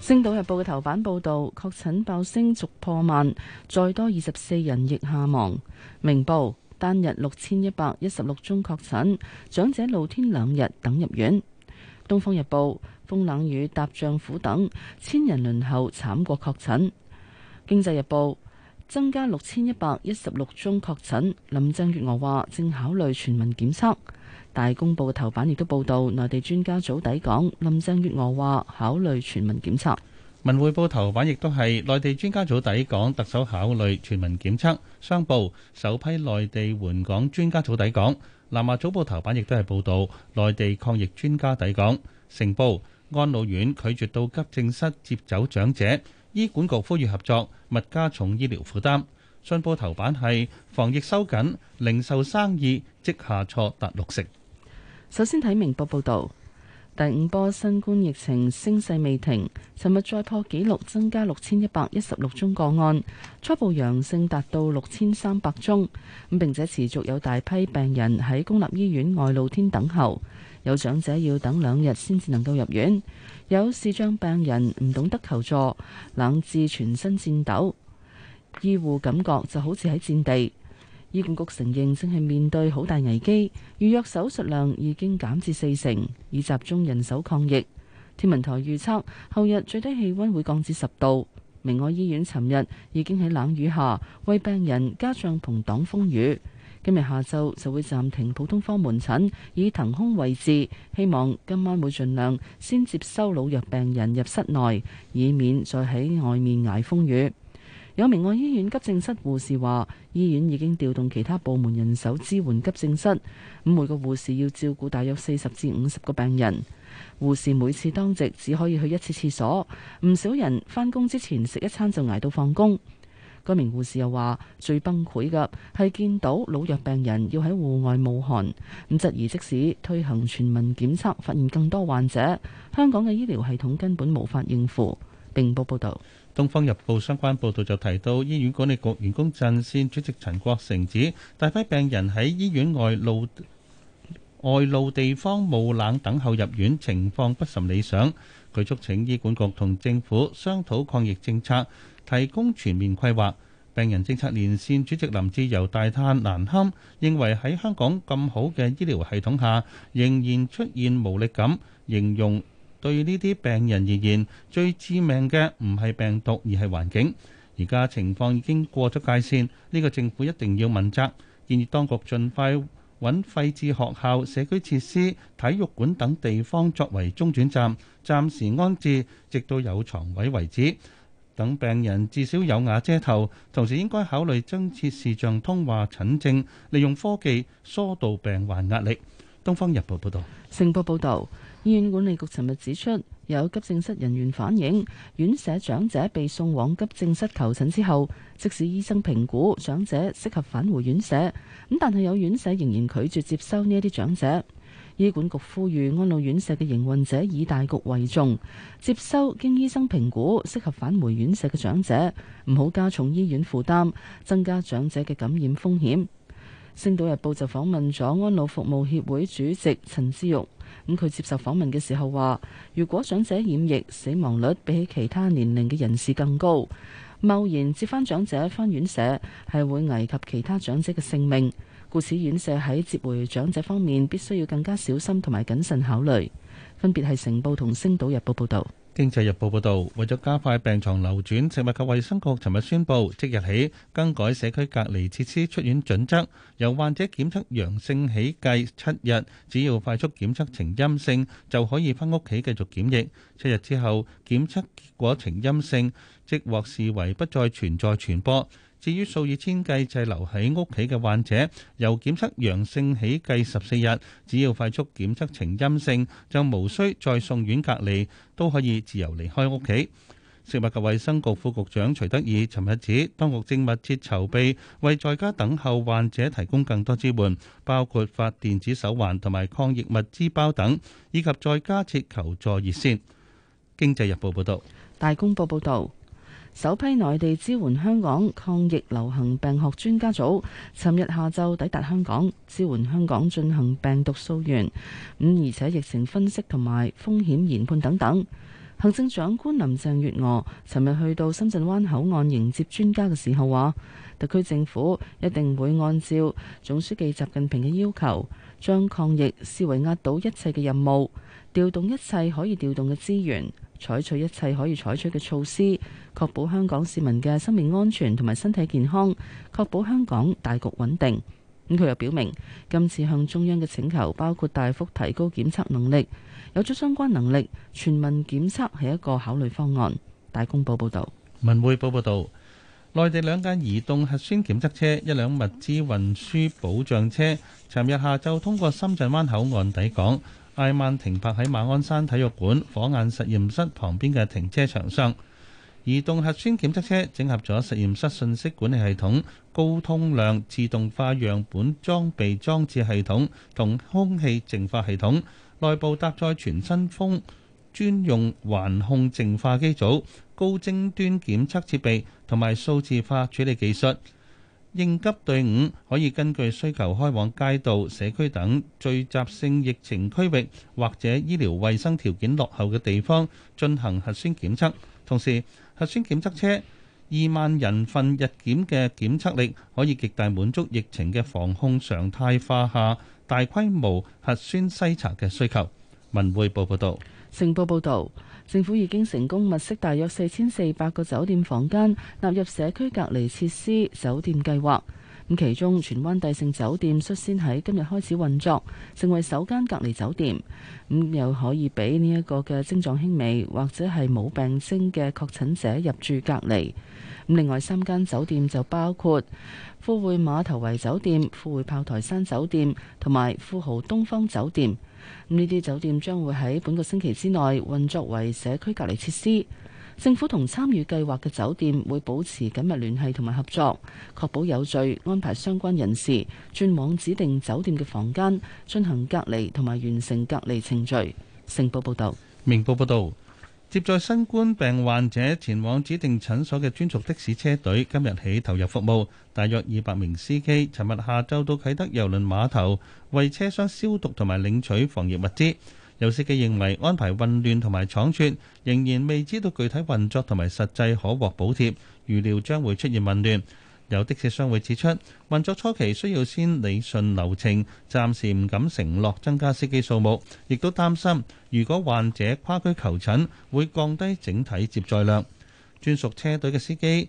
星島日報》嘅頭版報道，確診爆升逐破萬，再多二十四人疫下亡。明報單日六千一百一十六宗確診，長者露天兩日等入院。《東方日報》風冷雨搭丈夫等千人輪候，慘過確診。《經濟日報》增加六千一百一十六宗確診，林鄭月娥話正考慮全民檢測。大公報頭版亦都報道內地專家組抵港，林鄭月娥話考慮全民檢測。文匯報頭版亦都係內地專家組抵港，特首考慮全民檢測。商報首批內地援港專家組抵港。南華早報頭版亦都係報道內地抗疫專家抵港。成報安老院拒絕到急症室接走長者，醫管局呼籲合作，勿加重醫療負擔。商報頭版係防疫收緊，零售生意即下挫達六成。首先睇明報報道，第五波新冠疫情升勢未停，尋日再破紀錄，增加六千一百一十六宗個案，初步陽性達到六千三百宗。咁並且持續有大批病人喺公立醫院外露天等候，有長者要等兩日先至能夠入院，有視障病人唔懂得求助，冷至全身顫抖，醫護感覺就好似喺戰地。醫管局承認正係面對好大危機，預約手術量已經減至四成，以集中人手抗疫。天文台預測後日最低氣溫會降至十度。明愛醫院尋日已經喺冷雨下為病人加帳篷擋風雨。今日下晝就會暫停普通科門診，以騰空位置，希望今晚會盡量先接收老弱病人入室內，以免再喺外面捱風雨。有明愛醫院急症室護士話：醫院已經調動其他部門人手支援急症室，咁每個護士要照顧大約四十至五十個病人。護士每次當值只可以去一次廁所，唔少人翻工之前食一餐就挨到放工。嗰名護士又話：最崩潰嘅係見到老弱病人要喺戶外冒寒。咁質疑即使推行全民檢測，發現更多患者，香港嘅醫療系統根本無法應付。明報報導。《東方日報》相關報導就提到，醫院管理局員工陣線主席陳國誠指，大批病人喺醫院外露外露地方冒冷等候入院，情況不甚理想。佢促請醫管局同政府商討抗疫政策，提供全面規劃。病人政策連線主席林志釉大嘆難堪，認為喺香港咁好嘅醫療系統下，仍然出現無力感，形容。對呢啲病人而言，最致命嘅唔係病毒，而係環境。而家情況已經過咗界線，呢個政府一定要問責。建議當局盡快揾廢置學校、社區設施、體育館等地方作為中轉站，暫時安置，直到有床位為止。等病人至少有瓦遮頭。同時應該考慮增設視像通話診症，利用科技疏導病患壓力。《東方日報》報道，成報報道。醫院管理局尋日指出，有急症室人員反映，院舍長者被送往急症室求診之後，即使醫生評估長者適合返回院舍，咁但係有院舍仍然拒絕接收呢一啲長者。醫管局呼籲安老院舍嘅營運者以大局為重，接收經醫生評估適合返回院舍嘅長者，唔好加重醫院負擔，增加長者嘅感染風險。星島日報就訪問咗安老服務協會主席陳志玉。咁佢接受訪問嘅時候話：如果長者染疫，死亡率比起其他年齡嘅人士更高。貿然接翻長者返院舍係會危及其他長者嘅性命，故此院舍喺接回長者方面必須要更加小心同埋謹慎考慮。分別係《成報》同《星島日報》報道。《經濟日報》報導，為咗加快病床流轉，食物及衛生局尋日宣布，即日起更改社區隔離設施出院準則，由患者檢測陽性起計七日，只要快速檢測呈陰性，就可以返屋企繼續檢疫。七日之後檢測結果呈陰性，即獲視為不再存在傳播。至於數以千計滯留喺屋企嘅患者，由檢測陽性起計十四日，只要快速檢測呈陰性，就無需再送院隔離，都可以自由離開屋企。食物及衛生局副局長徐德義尋日指，當局正密切籌備為在家等候患者提供更多支援，包括發電子手環同埋抗疫物資包等，以及在家設求助熱線。經濟日報報導。大公報報導。首批內地支援香港抗疫流行病學專家組，尋日下晝抵達香港，支援香港進行病毒溯源，咁而且疫情分析同埋風險研判等等。行政長官林鄭月娥尋日去到深圳灣口岸迎接專家嘅時候話，特區政府一定會按照總書記習近平嘅要求，將抗疫視為壓倒一切嘅任務。調動一切可以調動嘅資源，採取一切可以採取嘅措施，確保香港市民嘅生命安全同埋身體健康，確保香港大局穩定。咁、嗯、佢又表明，今次向中央嘅請求包括大幅提高檢測能力，有咗相關能力，全民檢測係一個考慮方案。大公報報道，文匯報報道，內地兩間移動核酸檢測車、一輛物資運輸保障車，尋日下晝通過深圳灣口岸抵港。緩慢停泊喺馬鞍山體育館火眼實驗室旁邊嘅停車場上，移動核酸檢測車整合咗實驗室信息管理系統、高通量自動化樣本裝備裝置系統同空氣淨化系統，內部搭載全新風專用環控淨化機組、高精端檢測設備同埋數字化處理技術。應急隊伍可以根據需求開往街道、社區等聚集性疫情區域，或者醫療衛生條件落後嘅地方進行核酸檢測。同時，核酸檢測車二萬人份日檢嘅檢測力可以極大滿足疫情嘅防控常態化下大規模核酸篩查嘅需求。文匯報報導，成報報導。政府已經成功物色大約四千四百個酒店房間納入社區隔離設施酒店計劃，咁其中荃灣帝盛酒店率先喺今日開始運作，成為首間隔離酒店，咁、嗯、又可以俾呢一個嘅症狀輕微或者係冇病徵嘅確診者入住隔離。咁、嗯、另外三間酒店就包括富匯馬頭圍酒店、富匯炮台山酒店同埋富豪東方酒店。呢啲酒店將會喺本個星期之內運作，為社區隔離設施。政府同參與計劃嘅酒店會保持緊密聯繫同埋合作，確保有序安排相關人士轉往指定酒店嘅房間進行隔離同埋完成隔離程序。成報報道，明報報道。接載新冠病患者前往指定診所嘅專屬的士車隊，今日起投入服務。大約二百名司機尋日下晝到啟德郵輪碼頭為車廂消毒同埋領取防疫物資。有司機認為安排混亂同埋倉卒，仍然未知道具體運作同埋實際可獲補貼，預料將會出現混亂。有的士商會指出，運作初期需要先理順流程，暫時唔敢承諾增加司機數目，亦都擔心如果患者跨區求診會降低整體接載量。專屬車隊嘅司機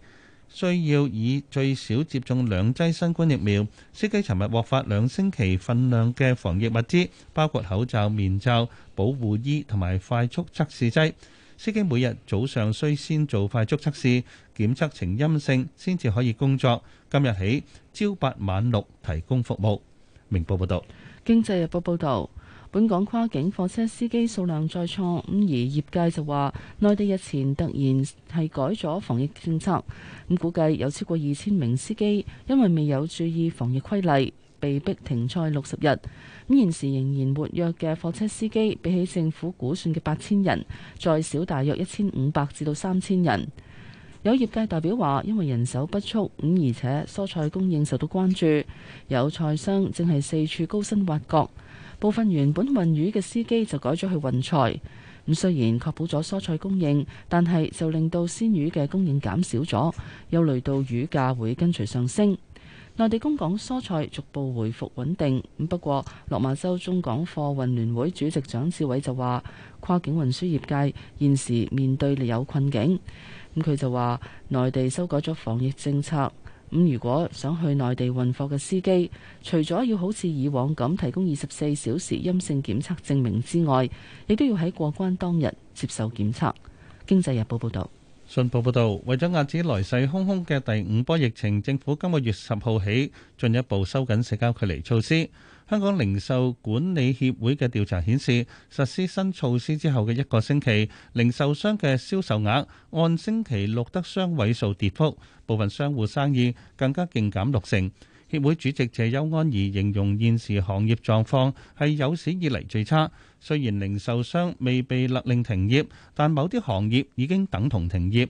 需要以最少接種兩劑新冠疫苗。司機尋日獲發兩星期份量嘅防疫物資，包括口罩、面罩、保護衣同埋快速測試劑，司機每日早上需先做快速測試。檢測呈陰性先至可以工作。今日起朝八晚六提供服務。明報報道，經濟日報報道，本港跨境貨車司機數量再創咁，而業界就話內地日前突然係改咗防疫政策，咁估計有超過二千名司機因為未有注意防疫規例，被逼停賽六十日。咁現時仍然活躍嘅貨車司機比起政府估算嘅八千人，再少大約一千五百至到三千人。有業界代表話，因為人手不足，咁而且蔬菜供應受到關注，有菜商正係四處高薪挖角，部分原本運魚嘅司機就改咗去運菜。咁雖然確保咗蔬菜供應，但係就令到鮮魚嘅供應減少咗，憂慮到魚價會跟隨上升。內地供港蔬菜逐步回復穩定，咁不過，落馬洲中港貨運聯會主席蔣志偉就話，跨境運輸業界現時面對有困境。咁佢就話：內地修改咗防疫政策，咁如果想去內地運貨嘅司機，除咗要好似以往咁提供二十四小時陰性檢測證明之外，亦都要喺過關當日接受檢測。經濟日報報道，信報報道，為咗壓止來勢洶洶嘅第五波疫情，政府今個月十號起進一步收緊社交距離措施。香港零售管理協會嘅調查顯示，實施新措施之後嘅一個星期，零售商嘅銷售額按星期錄得雙位數跌幅，部分商戶生意更加勁減六成。協會主席謝邱安儀形容現時行業狀況係有史以嚟最差。雖然零售商未被勒令停業，但某啲行業已經等同停業。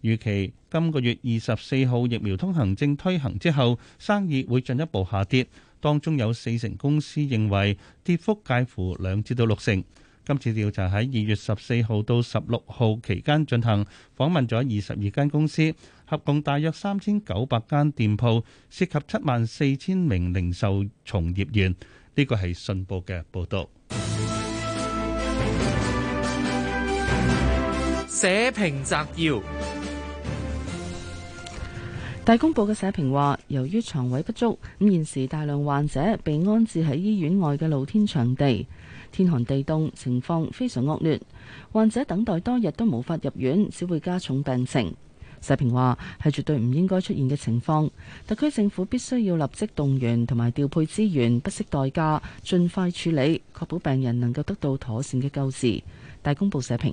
預期今個月二十四號疫苗通行證推行之後，生意會進一步下跌。當中有四成公司認為跌幅介乎兩至到六成。今次調查喺二月十四號到十六號期間進行，訪問咗二十二間公司，合共大約三千九百間店鋪，涉及七萬四千名零售從業員。呢個係信報嘅報導。社評摘要。大公報嘅社評話，由於床位不足，咁現時大量患者被安置喺醫院外嘅露天場地，天寒地凍，情況非常惡劣。患者等待多日都無法入院，只會加重病情。社評話係絕對唔應該出現嘅情況，特區政府必須要立即動員同埋調配資源，不惜代價，盡快處理，確保病人能夠得到妥善嘅救治。大公報社評，《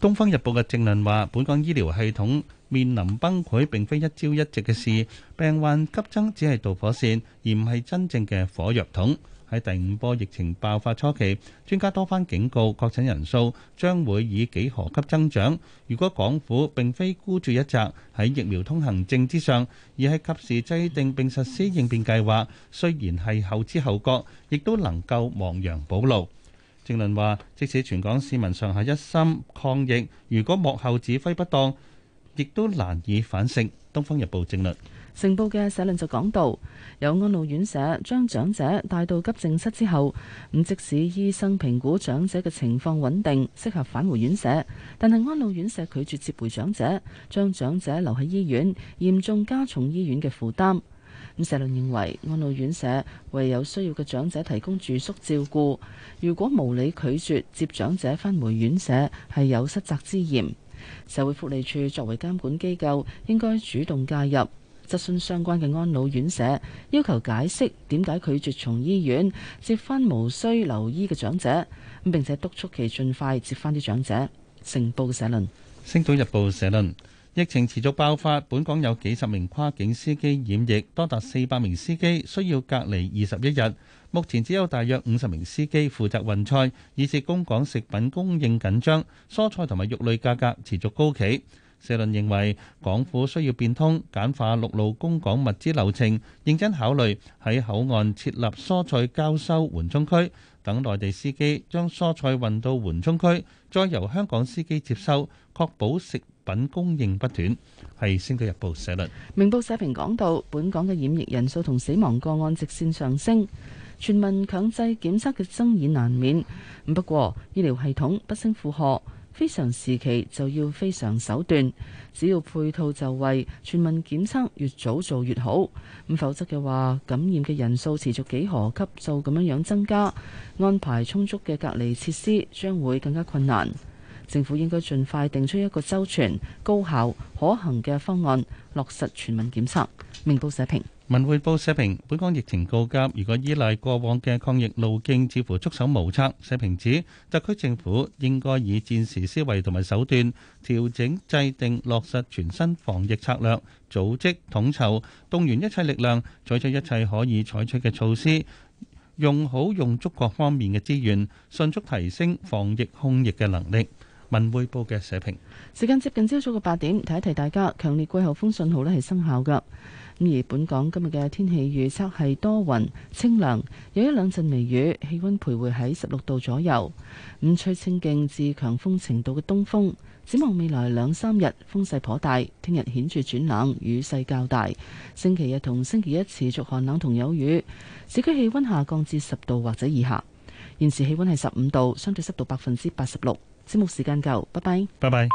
東方日報》嘅政論話，本港醫療系統。面臨崩潰並非一朝一夕嘅事，病患急增只係導火線，而唔係真正嘅火藥桶。喺第五波疫情爆發初期，專家多番警告，確診人數將會以幾何級增長。如果港府並非孤注一擲喺疫苗通行證之上，而係及時制定並實施應變計劃，雖然係後知後覺，亦都能夠亡羊補牢。鄭論話：即使全港市民上下一心抗疫，如果幕後指揮不當，亦都難以反省。《東方日報》政論成報嘅社論就講到，由安老院舍將長者帶到急症室之後，咁即使醫生評估長者嘅情況穩定，適合返回院舍，但係安老院舍拒絕接回長者，將長者留喺醫院，嚴重加重醫院嘅負擔。咁社論認為，安老院舍為有需要嘅長者提供住宿照顧，如果無理拒絕接長者返回院舍，係有失責之嫌。社會福利署作為監管機構，應該主動介入，質詢相關嘅安老院舍，要求解釋點解拒絕從醫院接返無需留醫嘅長者，並且督促其盡快接翻啲長者。成報社論，《星島日報》社論：疫情持續爆發，本港有幾十名跨境司機染疫，多達四百名司機需要隔離二十一日。目前只有大約五十名司機負責運菜，以至供港食品供應緊張，蔬菜同埋肉類價格持續高企。社論認為港府需要變通簡化陸路供港物資流程，認真考慮喺口岸設立蔬菜交收緩衝區，等內地司機將蔬菜運到緩衝區，再由香港司機接收，確保食品供應不斷。係《星島日報》社論。明報社評講到，本港嘅染疫人數同死亡個案直線上升。全民強制檢測嘅爭議難免，不過醫療系統不勝負荷，非常時期就要非常手段。只要配套就位，全民檢測越早做越好。咁否則嘅話，感染嘅人數持續幾何級數咁樣樣增加，安排充足嘅隔離設施將會更加困難。政府應該盡快定出一個周全、高效、可行嘅方案，落實全民檢測。明報社評。文匯報社評：本港疫情告急，如果依賴過往嘅抗疫路徑，似乎束手無策。社評指特區政府應該以戰時思維同埋手段調整、制定、落實全新防疫策略，組織統籌、動員一切力量，採取一切可以採取嘅措施，用好用足各方面嘅資源，迅速提升防疫控疫嘅能力。文匯報嘅社評。時間接近朝早嘅八點，提一提大家，強烈季候風信號咧係生效噶咁而本港今日嘅天氣預測係多雲、清涼，有一兩陣微雨，氣溫徘徊喺十六度左右。咁吹清勁至強風程度嘅東風。展望未來兩三日風勢頗大，聽日顯著轉冷，雨勢較大。星期日同星期一持續寒冷同有雨，市區氣溫下降至十度或者以下。現時氣溫係十五度，相對濕度百分之八十六。節目時間夠，拜拜。拜拜。